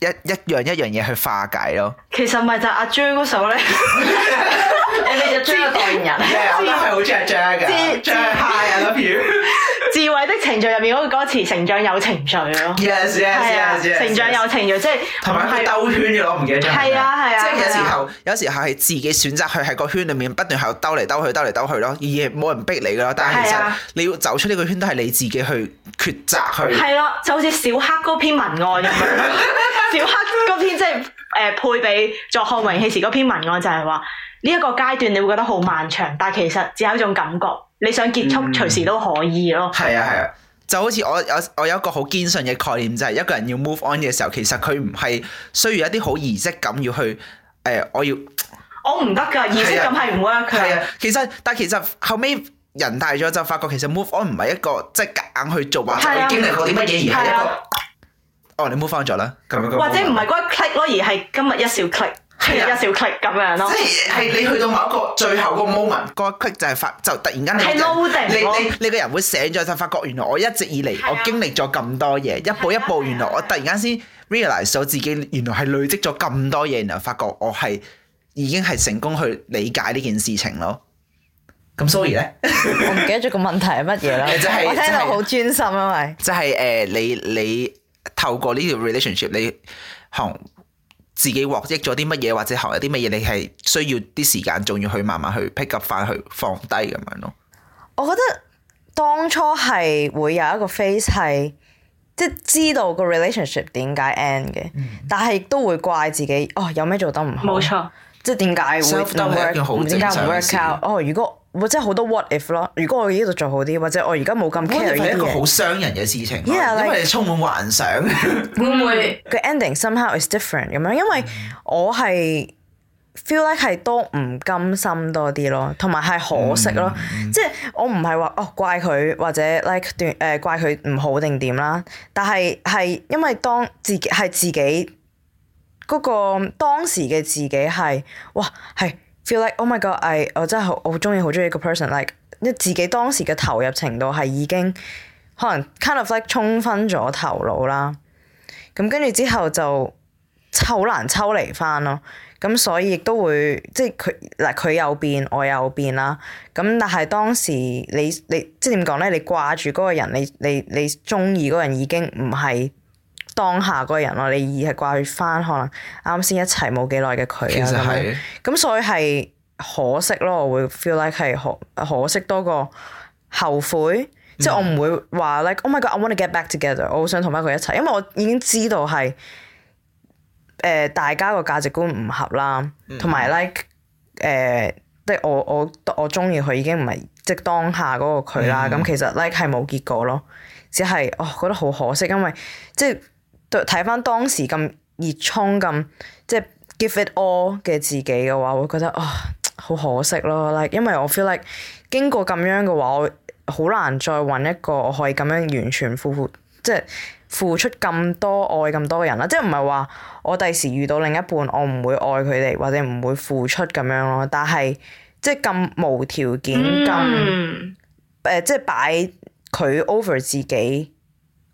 一一樣一樣嘢去化解咯。其實咪就阿張嗰首咧，你就張嘅代言人，係啊，我係好中意張噶，張係 I love you。智慧的程序入面嗰個歌詞，成長有程序咯。Yes 成長有程序，即係同埋係兜圈嘅我唔記得咗。啊係啊，啊即係有時候、啊、有時候係自己選擇去喺個圈裡面不斷喺度兜嚟兜去，兜嚟兜去咯，而冇人逼你噶咯。但係其實你要走出呢個圈都係你自己去抉擇去。係咯、啊啊，就好似小黑嗰篇文案咁樣， 小黑嗰篇即係誒配俾作學文起時嗰篇文案就係話。呢一個階段你會覺得好漫長，但係其實只係一種感覺。你想結束隨時都可以咯。係啊係啊，就好似我有我有一個好堅信嘅概念，就係、是、一個人要 move on 嘅時候，其實佢唔係需要一啲好儀式感要去誒、呃，我要我唔得㗎儀式感係唔會。係啊，其實但係其實後尾人大咗就發覺其實 move on 唔係一個即係、就是、夾硬去做啊，係的經歷過啲乜嘢而係一個。哦，你 move on 咗啦，或者唔係嗰一 click 咯，而係今日一笑 click。係啊，小 click 咁樣咯。即係你去到某一個最後個 moment，嗰一 click 就係發就突然間你係撈定你你個人會醒咗，就發覺原來我一直以嚟我經歷咗咁多嘢，一步一步，原來我突然間先 realize 我自己原來係累積咗咁多嘢，然後發覺我係已經係成功去理解呢件事情咯。咁 sorry 咧，我唔記得咗個問題係乜嘢咯。其實係我聽到好專心啊，咪就係誒，你你透過呢條 relationship 你行。自己獲益咗啲乜嘢，或者學咗啲乜嘢，你係需要啲時間，仲要去慢慢去 pick up 翻，去放低咁樣咯。我覺得當初係會有一個 phase 係，即係知道個 relationship 點解 end 嘅，嗯、但係都會怪自己，哦，有咩做得唔好。冇即係點解會 work out,？得係一件好正常嘅事哦，if, 如果我即好多 what if 咯？如果我依度做好啲，或者我而家冇咁 careful 一個好傷人嘅事情，yeah, like, 因為你充滿幻想 會會。會唔會個 ending somehow is different 咁樣？因為我係 feel like 係多唔甘心多啲咯，同埋係可惜咯。Mm hmm. 即係我唔係話哦怪佢或者 like 段怪佢唔好定點啦，但係係因為當自己係自己。嗰個當時嘅自己係，哇，係 feel like oh my god，我我真係好我好中意好中意個 person，like，你自己當時嘅投入程度係已經，可能 kind of like 衝昏咗頭腦啦。咁跟住之後就抽難抽離翻咯。咁所以亦都會即係佢嗱佢有變我有變啦。咁但係當時你你即係點講咧？你掛住嗰個人，你你你中意嗰個人已經唔係。當下嗰個人咯，你而係掛去翻可能啱先一齊冇幾耐嘅佢其實啊，咁，咁所以係可惜咯，我會 feel like 係可可惜多過後悔，嗯、即係我唔會話 like oh my god I want to get back together，我好想同翻佢一齊，因為我已經知道係誒、呃、大家個價值觀唔合啦，同埋 like 誒、呃，即係我我我中意佢已經唔係即係當下嗰個佢啦，咁、嗯、其實 like 係冇結果咯，只係哦覺得好可惜，因為即係。睇翻當時咁熱衷咁，即係 give it all 嘅自己嘅話，我覺得啊好可惜咯。Like 因為我 feel like 經過咁樣嘅話，我好難再揾一個我可以咁樣完全付，付，即係付出咁多愛咁多嘅人啦。即係唔係話我第時遇到另一半，我唔會愛佢哋或者唔會付出咁樣咯。但係即係咁無條件咁誒、mm. 呃，即係擺佢 over 自己。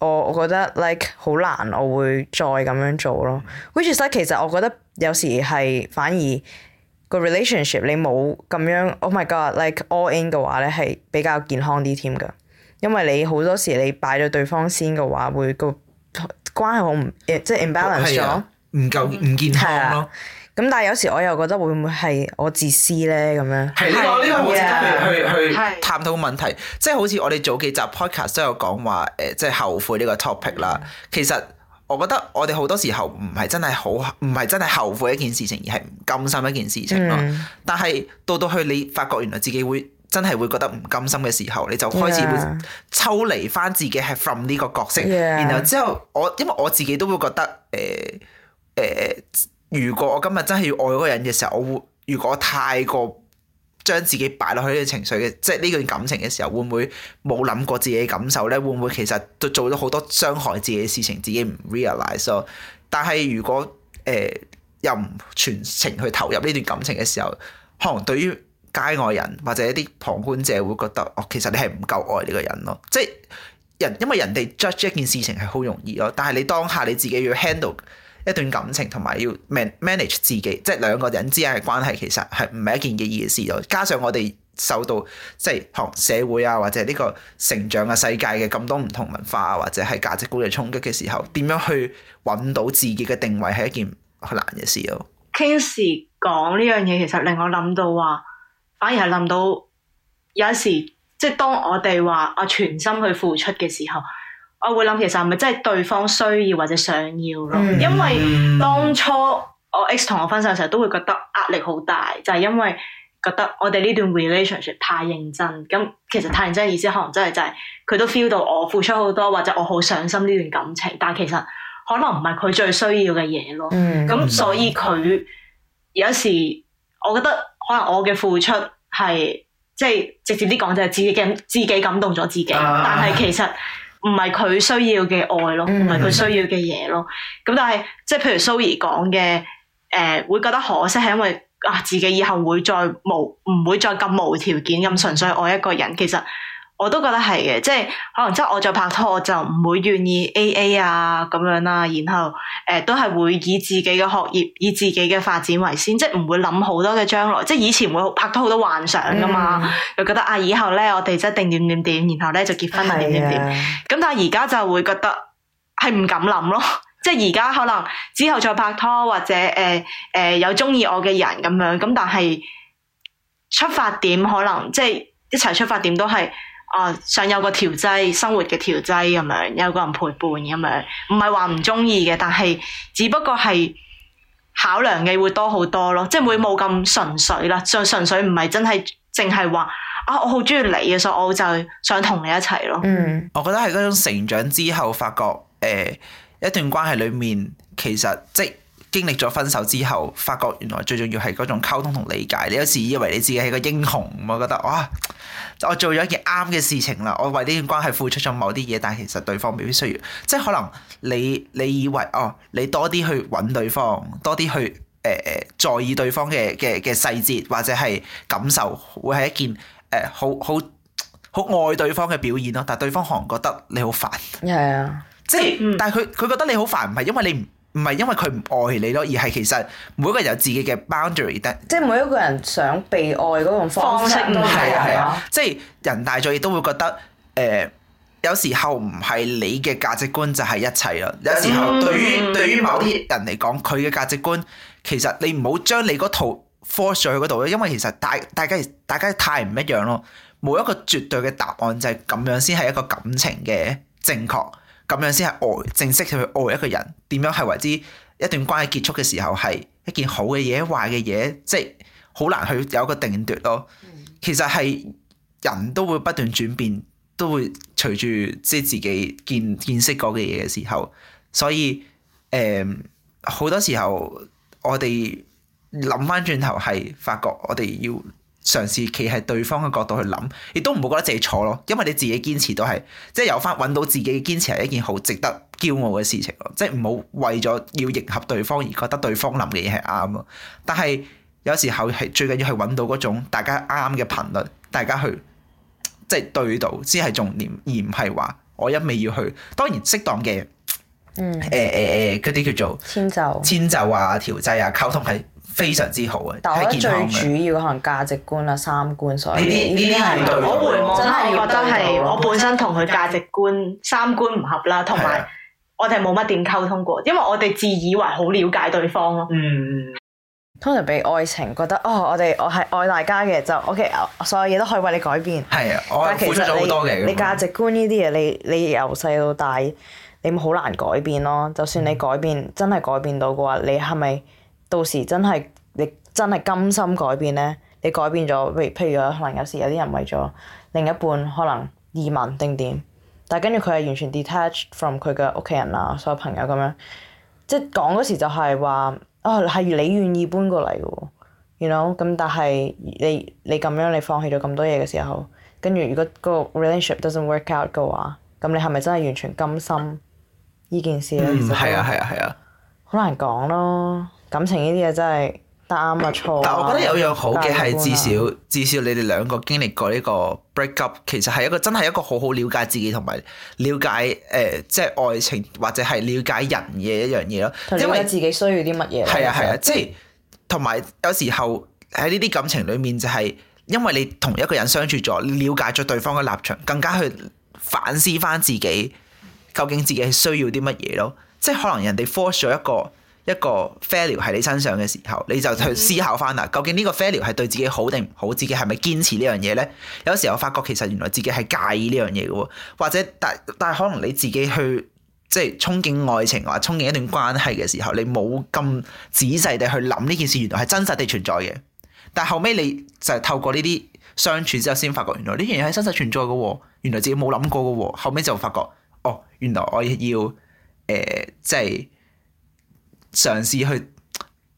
我我覺得 like 好難，我會再咁樣做咯。Which is like 其實我覺得有時係反而個 relationship 你冇咁樣 oh my god like all in 嘅話咧，係比較健康啲添㗎，因為你好多時你擺咗對方先嘅話，會個關係好唔即係 imbalance 咗、啊，唔夠唔健康咯。咁但係有時我又覺得會唔會係我自私咧咁樣？係呢個呢個，我去 去探討個問題，即係好似我哋早幾集 podcast 都有講話誒、呃，即係後悔呢個 topic 啦。其實我覺得我哋好多時候唔係真係好，唔係真係後悔一件事情，而係唔甘心一件事情咯。嗯、但係到到去你發覺原來自己會真係會覺得唔甘心嘅時候，你就開始會抽離返自己係 from 呢個角色。嗯、然後之後我因為我自己都會覺得誒誒。呃呃呃呃如果我今日真係要愛嗰個人嘅時候，我會如果太過將自己擺落去呢段情緒嘅，即係呢段感情嘅時候，會唔會冇諗過自己嘅感受呢？會唔會其實都做咗好多傷害自己嘅事情，自己唔 realize 咯，so？但係如果誒、呃、又唔全程去投入呢段感情嘅時候，可能對於街外人或者一啲旁觀者會覺得，哦，其實你係唔夠愛呢個人咯。即係人因為人哋 judge 一件事情係好容易咯，但係你當下你自己要 handle。一段感情同埋要 manage 自己，即係兩個人之間嘅關係，其實係唔係一件易嘅事咯。加上我哋受到即係行社會啊，或者呢個成長嘅世界嘅咁多唔同文化啊，或者係價值觀嘅衝擊嘅時候，點樣去揾到自己嘅定位係一件好難嘅事咯。Kingsley 講呢樣嘢，其實令我諗到話，反而係諗到有時，即係當我哋話我全心去付出嘅時候。我會諗其實係咪真係對方需要或者想要咯？因為當初我 X 同我分手嘅時候，都會覺得壓力好大，就係因為覺得我哋呢段 relationship 太認真。咁其實太認真嘅意思，可能真係就係佢都 feel 到我付出好多，或者我好上心呢段感情。但係其實可能唔係佢最需要嘅嘢咯。咁所以佢有時我覺得可能我嘅付出係即係直接啲講，就係自己嘅自己感動咗自己。但係其實。唔係佢需要嘅愛咯，唔係佢需要嘅嘢咯。咁但係，即係譬如 Zoe 講嘅，誒、呃、會覺得可惜係因為啊，自己以後會再無唔會再咁無條件咁純粹愛一個人，其實。我都覺得係嘅，即係可能即係我再拍拖，我就唔會願意 A A 啊咁樣啦。然後誒、呃，都係會以自己嘅學業、以自己嘅發展為先，即係唔會諗好多嘅將來。即係以前會拍拖好多幻想噶嘛，又、嗯、覺得啊，以後咧我哋即係定點點點，然後咧就結婚啦點點點。咁是、啊、但係而家就會覺得係唔敢諗咯。即係而家可能之後再拍拖或者誒誒、呃呃、有中意我嘅人咁樣，咁但係出發點可能即係一齊出發點都係。啊，想有個調劑生活嘅調劑咁樣，有個人陪伴咁樣，唔係話唔中意嘅，但係只不過係考量嘅會多好多咯，即係會冇咁純粹啦，就純粹唔係真係淨係話啊，我好中意你嘅，所以我就想同你一齊咯。嗯，我覺得喺嗰種成長之後，發覺誒、呃，一段關係裏面其實即經歷咗分手之後，發覺原來最重要係嗰種溝通同理解。你有時以為你自己係個英雄，我覺得哇，我做咗一件啱嘅事情啦，我為呢段關係付出咗某啲嘢，但係其實對方未必需要。即係可能你你以為哦，你多啲去揾對方，多啲去誒誒、呃、在意對方嘅嘅嘅細節或者係感受，會係一件誒好好好愛對方嘅表現咯。但係對方可能覺得你好煩，係啊，即係但係佢佢覺得你好煩，唔係因為你唔唔係因為佢唔愛你咯，而係其實每一個人有自己嘅 boundary，但即係每一個人想被愛嗰種方式都係啊，啊，啊，即係人大咗亦都會覺得誒、呃，有時候唔係你嘅價值觀就係一切咯。有時候對於、嗯、對於某啲人嚟講，佢嘅價值觀其實你唔好將你嗰套 force 去嗰度咯，因為其實大大家大家太唔一樣咯，冇一個絕對嘅答案就係咁樣先係一個感情嘅正確。咁樣先係愛，正式去愛、呃、一個人，點樣係為之一段關係結束嘅時候係一件好嘅嘢，壞嘅嘢，即係好難去有一個定奪咯。其實係人都會不斷轉變，都會隨住即係自己見見識過嘅嘢嘅時候，所以誒好、呃、多時候我哋諗翻轉頭係發覺我哋要。嘗試企喺對方嘅角度去諗，亦都唔好覺得自己錯咯。因為你自己堅持都係，即係有翻揾到自己堅持係一件好值得驕傲嘅事情咯。即係唔好為咗要迎合對方而覺得對方諗嘅嘢係啱啊！但係有時候係最緊要係揾到嗰種大家啱嘅頻率，大家去即係對到，先係重點，而唔係話我一味要去。當然適當嘅，嗯，誒誒誒，嗰、呃、啲、呃、叫做遷就、遷就啊、調劑啊、溝通係。非常之好啊！但係我覺得最主要可能價值觀啦、三觀，所以呢啲呢我回望真係覺得係我本身同佢價值觀、三觀唔合啦，同埋啊、我哋冇乜點溝通過，因為我哋自以為好了解對方咯、啊。嗯，通常俾愛情覺得哦，我哋我係愛大家嘅，就 OK，所有嘢都可以為你改變。係啊，我付出咗好多嘅。你價值觀呢啲嘢，你你由細到大，你好難改變咯。 就算你改變，真係改變到嘅話，你係咪？到時真係你真係甘心改變呢？你改變咗，譬如譬如可能有時有啲人為咗另一半可能移民定點，但係跟住佢係完全 detach from 佢嘅屋企人啊，所有朋友咁樣，即係講嗰時就係話啊係你願意搬過嚟嘅喎，you know 咁，但係你你咁樣你放棄咗咁多嘢嘅時候，跟住如果個 relationship doesn't work out 嘅話，咁你係咪真係完全甘心呢件事咧？嗯，係啊，係啊，係啊，好難講咯～感情呢啲嘢真係答啱唔錯，啊。但我覺得有樣好嘅係，至少、啊、至少你哋兩個經歷過呢個 breakup，其實係一個真係一個好好了解自己同埋了解誒、呃，即係愛情或者係了解人嘅一樣嘢咯。了解自己需要啲乜嘢？係為啊係啊，啊，即係同埋有時候喺呢啲感情裡面，就係因為你同一個人相處咗，了解咗對方嘅立場，更加去反思翻自己究竟自己係需要啲乜嘢咯。即係可能人哋 force 咗一個。一個 failure 喺你身上嘅時候，你就去思考翻啦。究竟呢個 failure 係對自己好定唔好？自己係咪堅持呢樣嘢咧？有時候我發覺其實原來自己係介意呢樣嘢嘅喎，或者但但係可能你自己去即係、就是、憧憬愛情或者憧憬一段關係嘅時候，你冇咁仔細地去諗呢件事，原來係真實地存在嘅。但後尾你就透過呢啲相處之後，先發覺原來呢樣嘢係真實存在嘅。原來自己冇諗過嘅喎，後尾就發覺哦，原來我要誒、呃、即係。嘗試去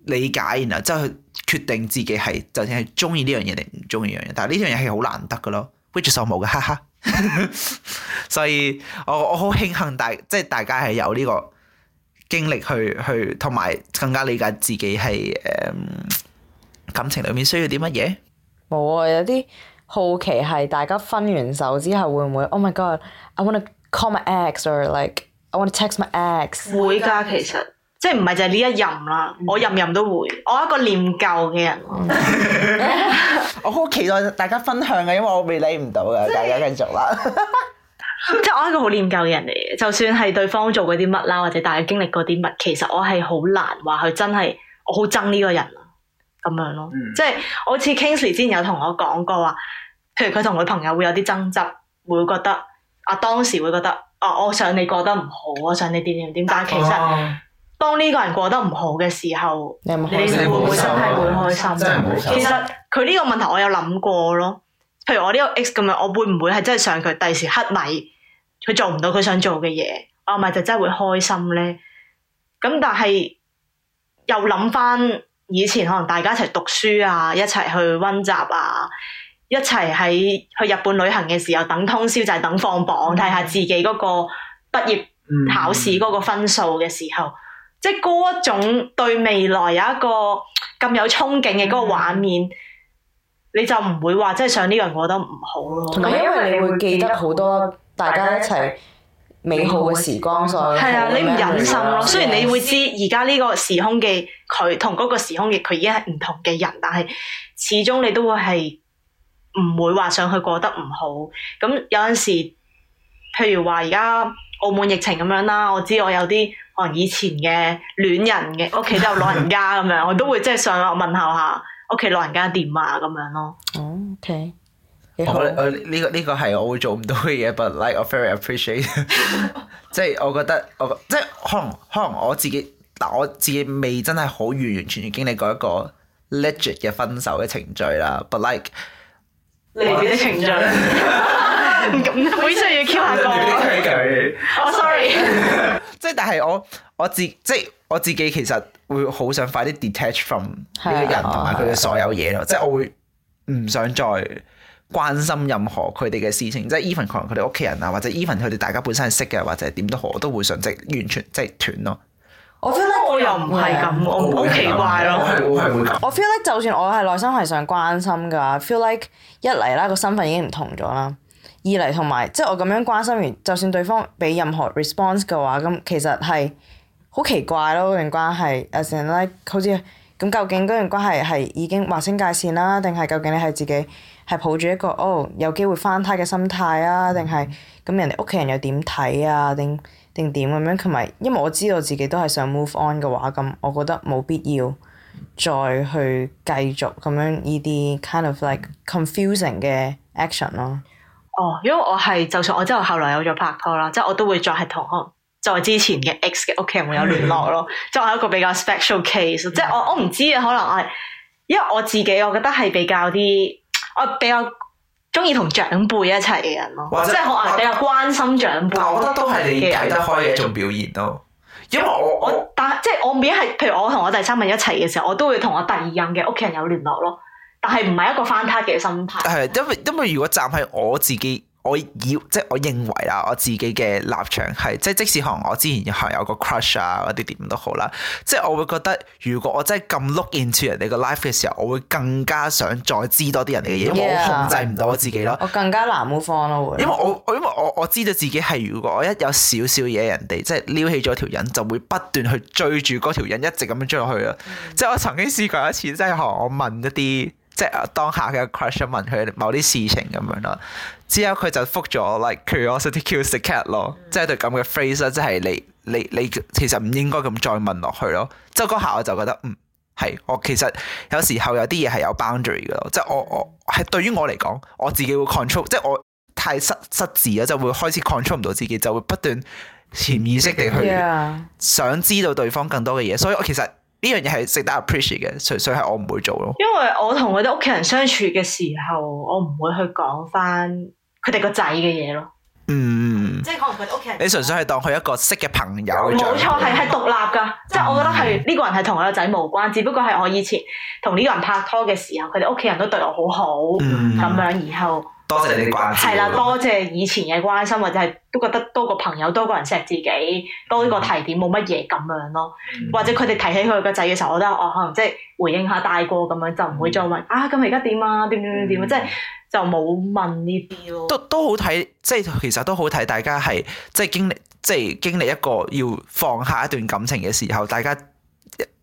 理解，然後之後決定自己係就算係中意呢樣嘢定唔中意呢樣嘢。但係呢樣嘢係好難得噶咯，which 我冇嘅，哈哈。所以我我好慶幸大即係大家係有呢個經歷去去同埋更加理解自己係誒、um, 感情裡面需要啲乜嘢。冇啊，有啲好奇係大家分完手之後會唔會？Oh my god! I want to call my ex or like I want to text my ex。會㗎，其實。即係唔係就係呢一任啦，我任任都會，我係一個念舊嘅人。我好期待大家分享嘅，因為我未理唔到嘅，大家繼續啦 。即係我係一個好念舊嘅人嚟嘅，就算係對方做過啲乜啦，或者大家經歷過啲乜，其實我係好難話佢真係我好憎呢個人咁樣咯。嗯、即係好似 Kingsley 之前有同我講過話，譬如佢同佢朋友會有啲爭執，會覺得啊當時會覺得啊我想你過得唔好，我想你點點點，但係其實。當呢個人過得唔好嘅時候，你，你會唔會真係會開心？其實佢呢個問題我有諗過咯。譬如我呢個 x 咁樣，我會唔會係真係上佢第時黑米？佢做唔到佢想做嘅嘢，我、啊、咪就真係會開心呢。咁但係又諗翻以前可能大家一齊讀書啊，一齊去溫習啊，一齊喺去日本旅行嘅時候等通宵就係等放榜睇下自己嗰個畢業考試嗰個分數嘅時候。嗯即係嗰一種對未來有一個咁有憧憬嘅嗰個畫面，嗯、你就唔會話即係想呢個人過得唔好咯。咁因為你會記得好多大家一齊美好嘅時光，嗯、所以係啊，的你唔忍心咯。雖然你會知而家呢個時空嘅佢同嗰個時空嘅佢已經係唔同嘅人，但係始終你都會係唔會話想佢過得唔好。咁有陣時，譬如話而家。澳門疫情咁樣啦，我知我有啲可能以前嘅戀人嘅屋企都有老人家咁樣，我都會即係上落問候下屋企老人家點啊咁樣咯。OK 呢個呢個係我會做唔到嘅嘢，but like I very appreciate，即係我覺得我即係可能可能我自己嗱我自己未真係好完完全全經歷過一個 legit 嘅分手嘅程序啦，but like 離別程序。覺 唔敢，會出現 Q 下我。哦、 啊、sorry。 即係，但係我我自即係我自己，其實會好想快啲 detach from 呢個人同埋佢嘅所有嘢咯。即係、啊、我會唔想再關心任何佢哋嘅事情。即係 even 可能佢哋屋企人啊，或者 even 佢哋大家本身係識嘅，或者係點都好，我都會想即完全即係斷咯。我 feel 得我又唔係咁，我好不奇怪咯。 我 feel like 就算我係內心係想關心噶，feel like 一嚟啦個身份已經唔同咗啦。二嚟同埋，即係我咁樣關心完，就算對方俾任何 response 嘅話，咁其實係好奇怪咯。嗰、like，段關係，啊，成日 like 好似咁，究竟嗰段關係係已經劃清界線啦，定係究竟你係自己係抱住一個哦、oh，有機會翻撻嘅心態人家家人啊，定係咁人哋屋企人又點睇啊，定定點咁樣？同埋因為我知道自己都係想 move on 嘅話，咁我覺得冇必要再去繼續咁樣呢啲 kind of like confusing 嘅 action 咯。哦，因為我係，就算我之後後來有咗拍拖啦，即係我都會再係同，就再之前嘅 ex 嘅屋企人會有聯絡、嗯、咯，即係我一個比較 special case，、嗯、即係我我唔知啊，可能我係，因為我自己我覺得係比較啲，我比較中意同長輩一齊嘅人咯，或者即係可能比較關心長輩，我覺得都係你解得開嘅一種表現咯，都因為我因為我，我但即係我唔知係，譬如我同我第三人一齊嘅時候，我都會同我第二任嘅屋企人有聯絡咯。但係唔係一個翻卡嘅心態。係，因為因為如果站喺我自己，我以即係我認為啦，我自己嘅立場係，即係即使可能我之前有個 crush 啊，嗰啲點都好啦，即係我會覺得，如果我真係咁 look into 人哋嘅 life 嘅時候，我會更加想再知多啲人哋嘅嘢，因為我控制唔到我自己咯。Yeah, 我更加難 avoid 咯會。因為我因為我我知道自己係，如果我一有少少嘢人哋，即係撩起咗條癮，就會不斷去追住嗰條癮，一直咁樣追落去啦。Mm hmm. 即係我曾經試過一次，真係學我問一啲。即係當下嘅 question 問佢某啲事情咁樣咯，之後佢就覆咗 like，curiosity kills the cat 咯，即係對咁嘅 phrase 即係你你你其實唔應該咁再問落去咯。即係嗰下我就覺得，嗯，係我其實有時候有啲嘢係有 boundary 嘅咯。即係我我係對於我嚟講，我自己會 control，即係我太失失字啊，就會開始 control 唔到自己，就會不斷潛意識地去想知道對方更多嘅嘢。所以我其實呢樣嘢係值得 appreciate 嘅，純粹係我唔會做咯。因為我同佢哋屋企人相處嘅時候，我唔會去講翻佢哋個仔嘅嘢咯。嗯，即係可能佢哋屋企人，你純粹係當佢一個識嘅朋友。冇錯，係係獨立噶，即係我覺得係呢個人係同我個仔無關，只不過係我以前同呢個人拍拖嘅時候，佢哋屋企人都對我好好，咁、嗯、樣然後。多謝你嘅關心，係啦，多謝以前嘅關心，或者係都覺得多個朋友多個人錫自己，多一個提點冇乜嘢，咁樣咯。Mm hmm. 或者佢哋提起佢個仔嘅時候，我覺得我、哦、可能即係回應下大個咁樣，就唔會再問、mm hmm. 啊，咁而家點啊，點點點點，即係就冇問呢啲咯。都都好睇，即係其實都好睇，大家係即係經歷，即係經歷一個要放下一段感情嘅時候，大家。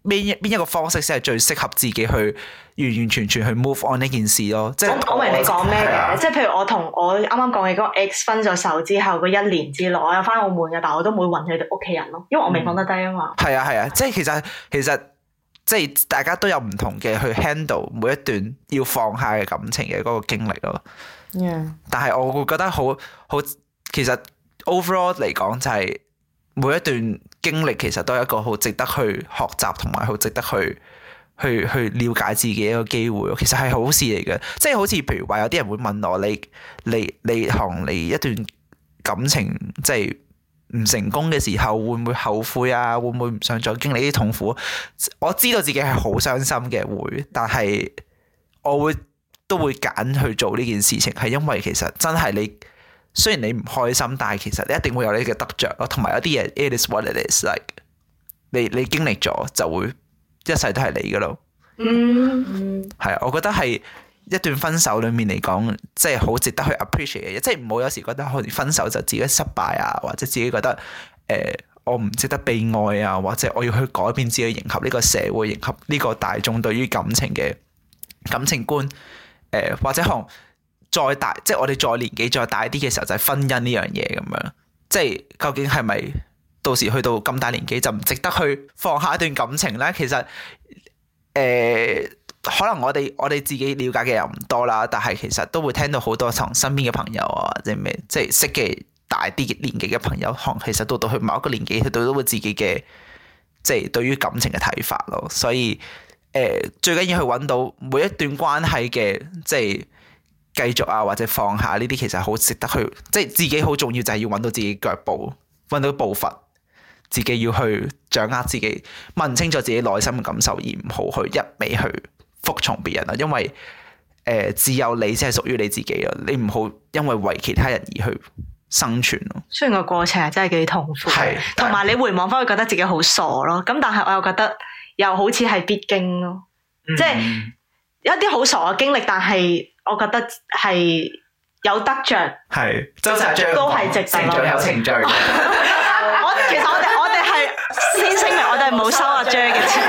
邊一邊一個方式先係最適合自己去完完全全去 move on 呢我件事咯，即係我明你講咩嘅，即係是、啊、譬如我同我啱啱講嘅嗰個 ex 分咗手之後，嗰一年之內，我有翻澳門嘅，但係我都冇揾佢哋屋企人咯，因為我未放得低啊嘛。係啊係啊，即係、啊啊、其實其實即係大家都有唔同嘅去 handle 每一段要放下嘅感情嘅嗰個經歷咯。Yeah. 但係我會覺得好好，其實 overall 嚟講就係、是。每一段經歷其實都係一個好值得去學習同埋好值得去去去了解自己一個機會，其實係好事嚟嘅。即係好似譬如話，有啲人會問我：你你你同你一段感情即係唔成功嘅時候，會唔會後悔啊？會唔會唔想再經歷呢啲痛苦？我知道自己係好傷心嘅，會，但係我會都會揀去做呢件事情，係因為其實真係你。雖然你唔開心，但係其實你一定會有你嘅得着咯，同埋有啲嘢，it is what it is like 你。你你經歷咗就會一世都係你㗎咯。嗯，係啊，我覺得係一段分手裏面嚟講，即係好值得去 appreciate 嘅嘢，即係唔好有時覺得可能分手就自己失敗啊，或者自己覺得誒、呃、我唔值得被愛啊，或者我要去改變自己迎合呢、這個社會，迎合呢個大眾對於感情嘅感情觀誒、呃，或者可能。再大，即係我哋再年紀再大啲嘅時候，就係婚姻呢樣嘢咁樣。即係究竟係咪到時去到咁大年紀就唔值得去放下一段感情呢？其實誒、呃，可能我哋我哋自己了解嘅又唔多啦，但係其實都會聽到好多從身邊嘅朋友啊，或者咩，即係識嘅大啲年紀嘅朋友，可能其實到到去某一個年紀，佢都會自己嘅，即係對於感情嘅睇法咯。所以誒、呃，最緊要去揾到每一段關係嘅，即係。繼續啊，或者放下呢、啊、啲，其實好值得去，即係自己好重要，就係要揾到自己腳步，揾到步伐，自己要去掌握自己，問清楚自己內心嘅感受，而唔好去一味去服從別人啊！因為誒、呃，只有你先係屬於你自己咯，你唔好因為為其他人而去生存咯。雖然個過程係真係幾痛苦，係同埋你回望翻，會覺得自己好傻咯。咁但係我又覺得又好似係必經咯，即係、嗯、一啲好傻嘅經歷，但係。我覺得係有得着，係周都係值得有程序。我 其實我哋 我哋係先聲明，我哋係冇收阿、啊、J 嘅、er、錢。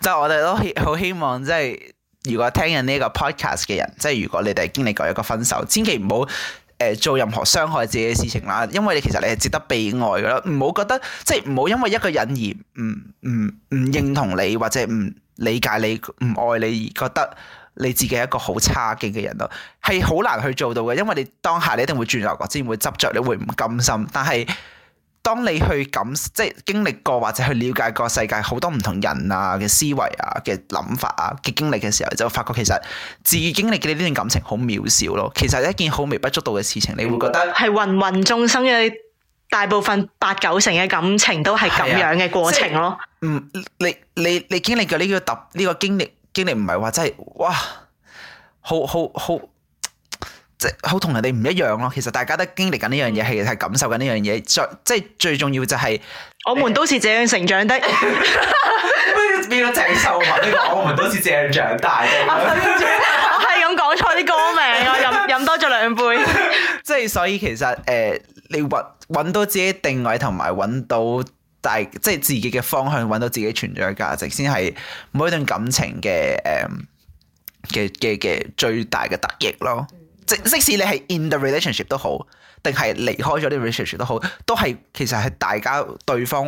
即係我哋都好希望，即係如果聽緊呢個 podcast 嘅人，即係如果你哋經歷過一個分手，千祈唔好誒做任何傷害自己嘅事情啦。因為你其實你係值得被愛噶啦，唔好覺得即係唔好因為一個人而唔唔唔認同你，或者唔理解你，唔愛你而覺得。你自己係一個好差勁嘅人咯，係好難去做到嘅，因為你當下你一定會轉落，或者會執着，你會唔甘心。但係當你去感，即係經歷過或者去了解個世界好多唔同人啊嘅思維啊嘅諗法啊嘅經歷嘅時候，就發覺其實自己經歷嘅呢段感情好渺小咯，其實一件好微不足道嘅事情，你會覺得係芸芸眾生嘅大部分八九成嘅感情都係咁樣嘅過程咯。啊就是嗯、你你你，你經歷嘅呢個揼呢、這個經歷。經歷唔係話真係，哇，好好好，即係好同人哋唔一樣咯。其實大家都經歷緊呢樣嘢，係係感受緊呢樣嘢。最即係最重要就係、是，我們都是這樣成長的。 變咗鄭秀文，呢個我們都是這樣長大嘅、 啊。我係咁講錯啲歌名，我飲飲多咗兩杯。 即係所以其實誒、呃，你搵搵到自己定位同埋搵到。但即係自己嘅方向，揾到自己存在嘅價值，先係每一段感情嘅誒嘅嘅嘅最大嘅得益咯。 即即使你係 in the relationship 都好，定係離開咗啲 relationship 都好，都係其實係大家對方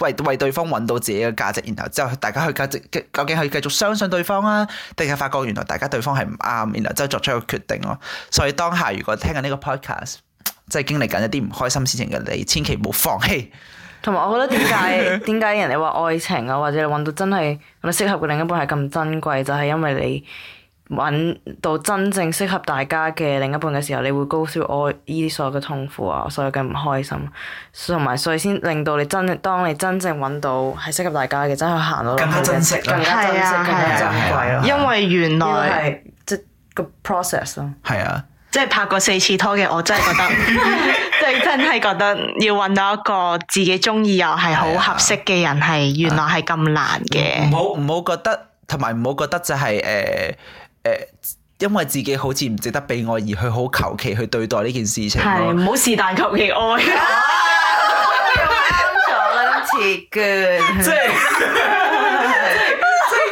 為為對方揾到自己嘅價值，然後之後大家去繼續究竟係繼續相信對方啊，定係發覺原來大家對方係唔啱，然後之後作出一個決定咯。所以當下如果聽緊呢個 podcast，即係經歷緊一啲唔開心事情嘅你，千祈唔好放棄。同埋我覺得點解點解人哋話愛情啊，或者你揾到真係咁適合嘅另一半係咁珍貴，就係、是、因為你揾到真正適合大家嘅另一半嘅時候，你會 go through 呢啲所有嘅痛苦啊，所有嘅唔開心，同埋所以先令到你真當你真正揾到係適合大家嘅，真係行到，到。更加珍惜更加珍惜，啦、啊。啊、因為原來即、就係就係、個 process 咯。係啊。即係拍過四次拖嘅，我真係覺得，即 係真係覺得要揾到一個自己中意又係好合適嘅人，係、啊、原來係咁難嘅。唔好唔好覺得，同埋唔好覺得就係、是、誒、欸欸、因為自己好似唔值得被愛，而去好求其去對待呢件事情。係唔好是但求其愛。即係即係，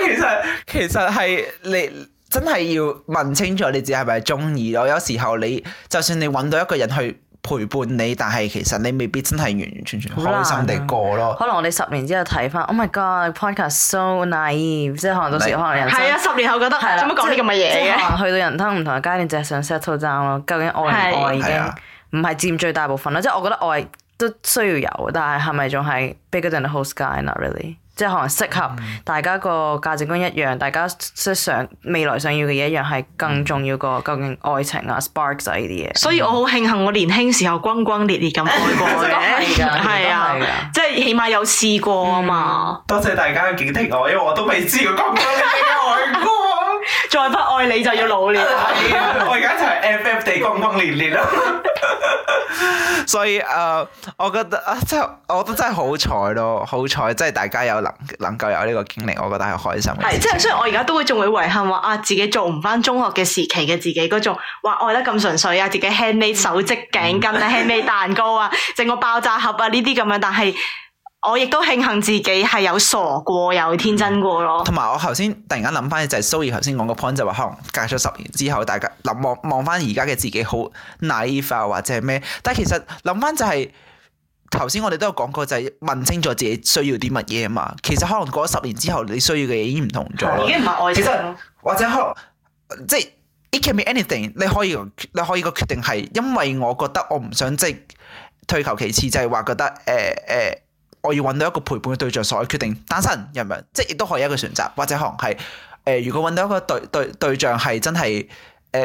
其實其實係你。真係要問清楚你自己係咪中意咯？有時候你就算你揾到一個人去陪伴你，但係其實你未必真係完完全全開心地過咯。可能我哋十年之後睇翻，Oh my God，Podcast so naive，即係可能到時理可能人生。係啊，十年後覺得係啦。做乜講啲咁嘅嘢啊？去到人生唔同嘅階段，就係想 settle down 咯。究竟愛唔愛已經唔係、啊、佔最大部分啦。即係我覺得愛都需要有，但係係咪仲係 bigger than the whole sky？Not really。即係可能適合大家個價值觀一樣，大家想未來想要嘅嘢一樣，係更重要過究竟愛情啊、spark 仔啲嘢。所以我好慶幸我年輕時候轟轟烈烈咁愛過嘅，係啊，即係起碼有試過啊嘛。嗯、多謝大家嘅警惕，我，因為我都未知轟轟烈烈嘅愛再不愛你就要老了。 我而家就係 F, F F 地轟轟烈烈啦。 所以誒、uh, uh,，我覺得啊，真係我覺得真係好彩咯，好彩即係大家有能能夠有呢個經歷，我覺得係開心嘅。係， 即係雖然我而家都會仲會遺憾話啊，自己做唔翻中學嘅時期嘅自己嗰種話愛得咁純粹啊，自己 handmade 手織頸巾啊，handmade 蛋糕啊，整個爆炸盒啊呢啲咁樣，但係。我亦都慶幸自己係有傻過，有天真過咯。同埋我頭先突然間諗翻嘅就係 Zoe 頭先講個 point 就話可能隔咗十年之後大，大家諗望望翻而家嘅自己好 naive 啊，或者係咩？但係其實諗翻就係頭先我哋都有講過，就係問清楚自己需要啲乜嘢啊嘛。其實可能過咗十年之後，你需要嘅嘢已經唔同咗，已經唔係愛情，或者可能即係 it can be anything 你。你可以你可以個決定係，因為我覺得我唔想即係退求其次，就係、是、話覺得誒誒。呃呃我要揾到一個陪伴嘅對象，所以決定單身，係咪？即係亦都可以一個選擇，或者可能係誒、呃。如果揾到一個對對對，對象係真係誒、呃、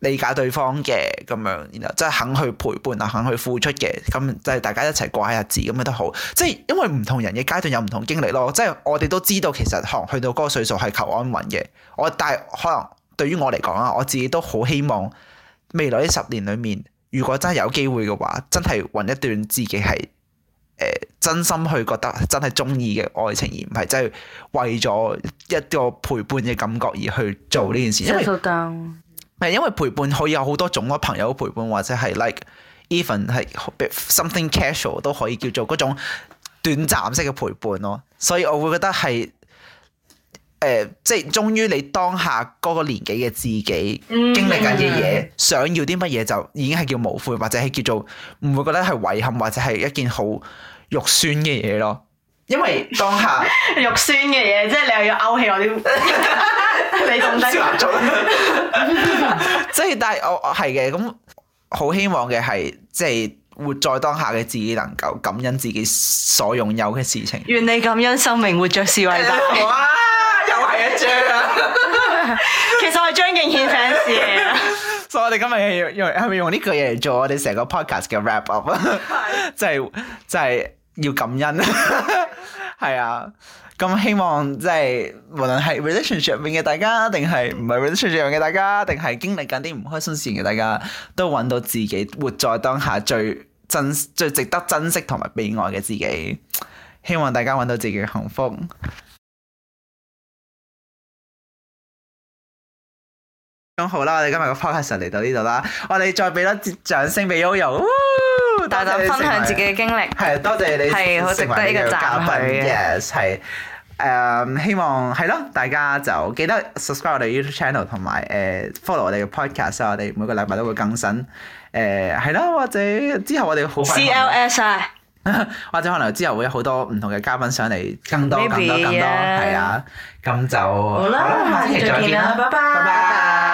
理解對方嘅咁樣，然後即係肯去陪伴啊，肯去付出嘅咁，就係大家一齊過下日子咁樣都好。即係因為唔同人嘅階段有唔同經歷咯。即係我哋都知道，其實可能去到嗰個歲數係求安穩嘅。我但係可能對於我嚟講啊，我自己都好希望未來呢十年裡面，如果真係有機會嘅話，真係揾一段自己係。誒真心去覺得真係中意嘅愛情，而唔係真係為咗一個陪伴嘅感覺而去做呢件事，因為係 因為陪伴可以有好多種咯，朋友陪伴或者係 like even 係 something casual 都可以叫做嗰種短暫式嘅陪伴咯，所以我會覺得係。誒、呃，即係終於你當下嗰個年紀嘅自己經歷緊嘅嘢，嗯、想要啲乜嘢就已經係叫無悔，或者係叫做唔會覺得係遺憾，或者係一件好肉酸嘅嘢咯。因為當下、嗯、肉酸嘅嘢，即係你又要勾起我啲， 你仲低，即係但係我我係嘅，咁好希望嘅係即係活在當下嘅自己能夠感恩自己所擁有嘅事情。願你感恩生命活着，活著是為何？ 其實我係張敬軒 fans 所以我哋今日用係咪用呢句嘢嚟做我哋成個 podcast 嘅 wrap up 啊、 就是？係，即係即係要感恩， 係啊。咁希望即係、就是、無論係 relationship 上面嘅大家，定係唔係 relationship 嘅大家，定係經歷緊啲唔開心事嘅大家，都揾到自己活在當下最真、最值得珍惜同埋被愛嘅自己。希望大家揾到自己嘅幸福。咁好啦，我哋今日個 podcast 嚟到呢度啦，我哋再俾多啲掌聲俾 Yoyo，大大分享自己嘅經歷，係多謝你，你，係好 值得嘅嘉賓，yes，係誒，um, 希望係咯，大家就記得 subscribe 我哋 YouTube channel、uh, 同埋誒 follow 我哋嘅 podcast，我哋每個禮拜都會更新，誒係咯，或者之後我哋好快，CLS 啊， 或者可能之後會有好多唔同嘅嘉賓上嚟 Maybe,，更多更多更多，係啊 yeah.，咁就好啦吧，好吧，下期再見啦，拜拜。拜拜。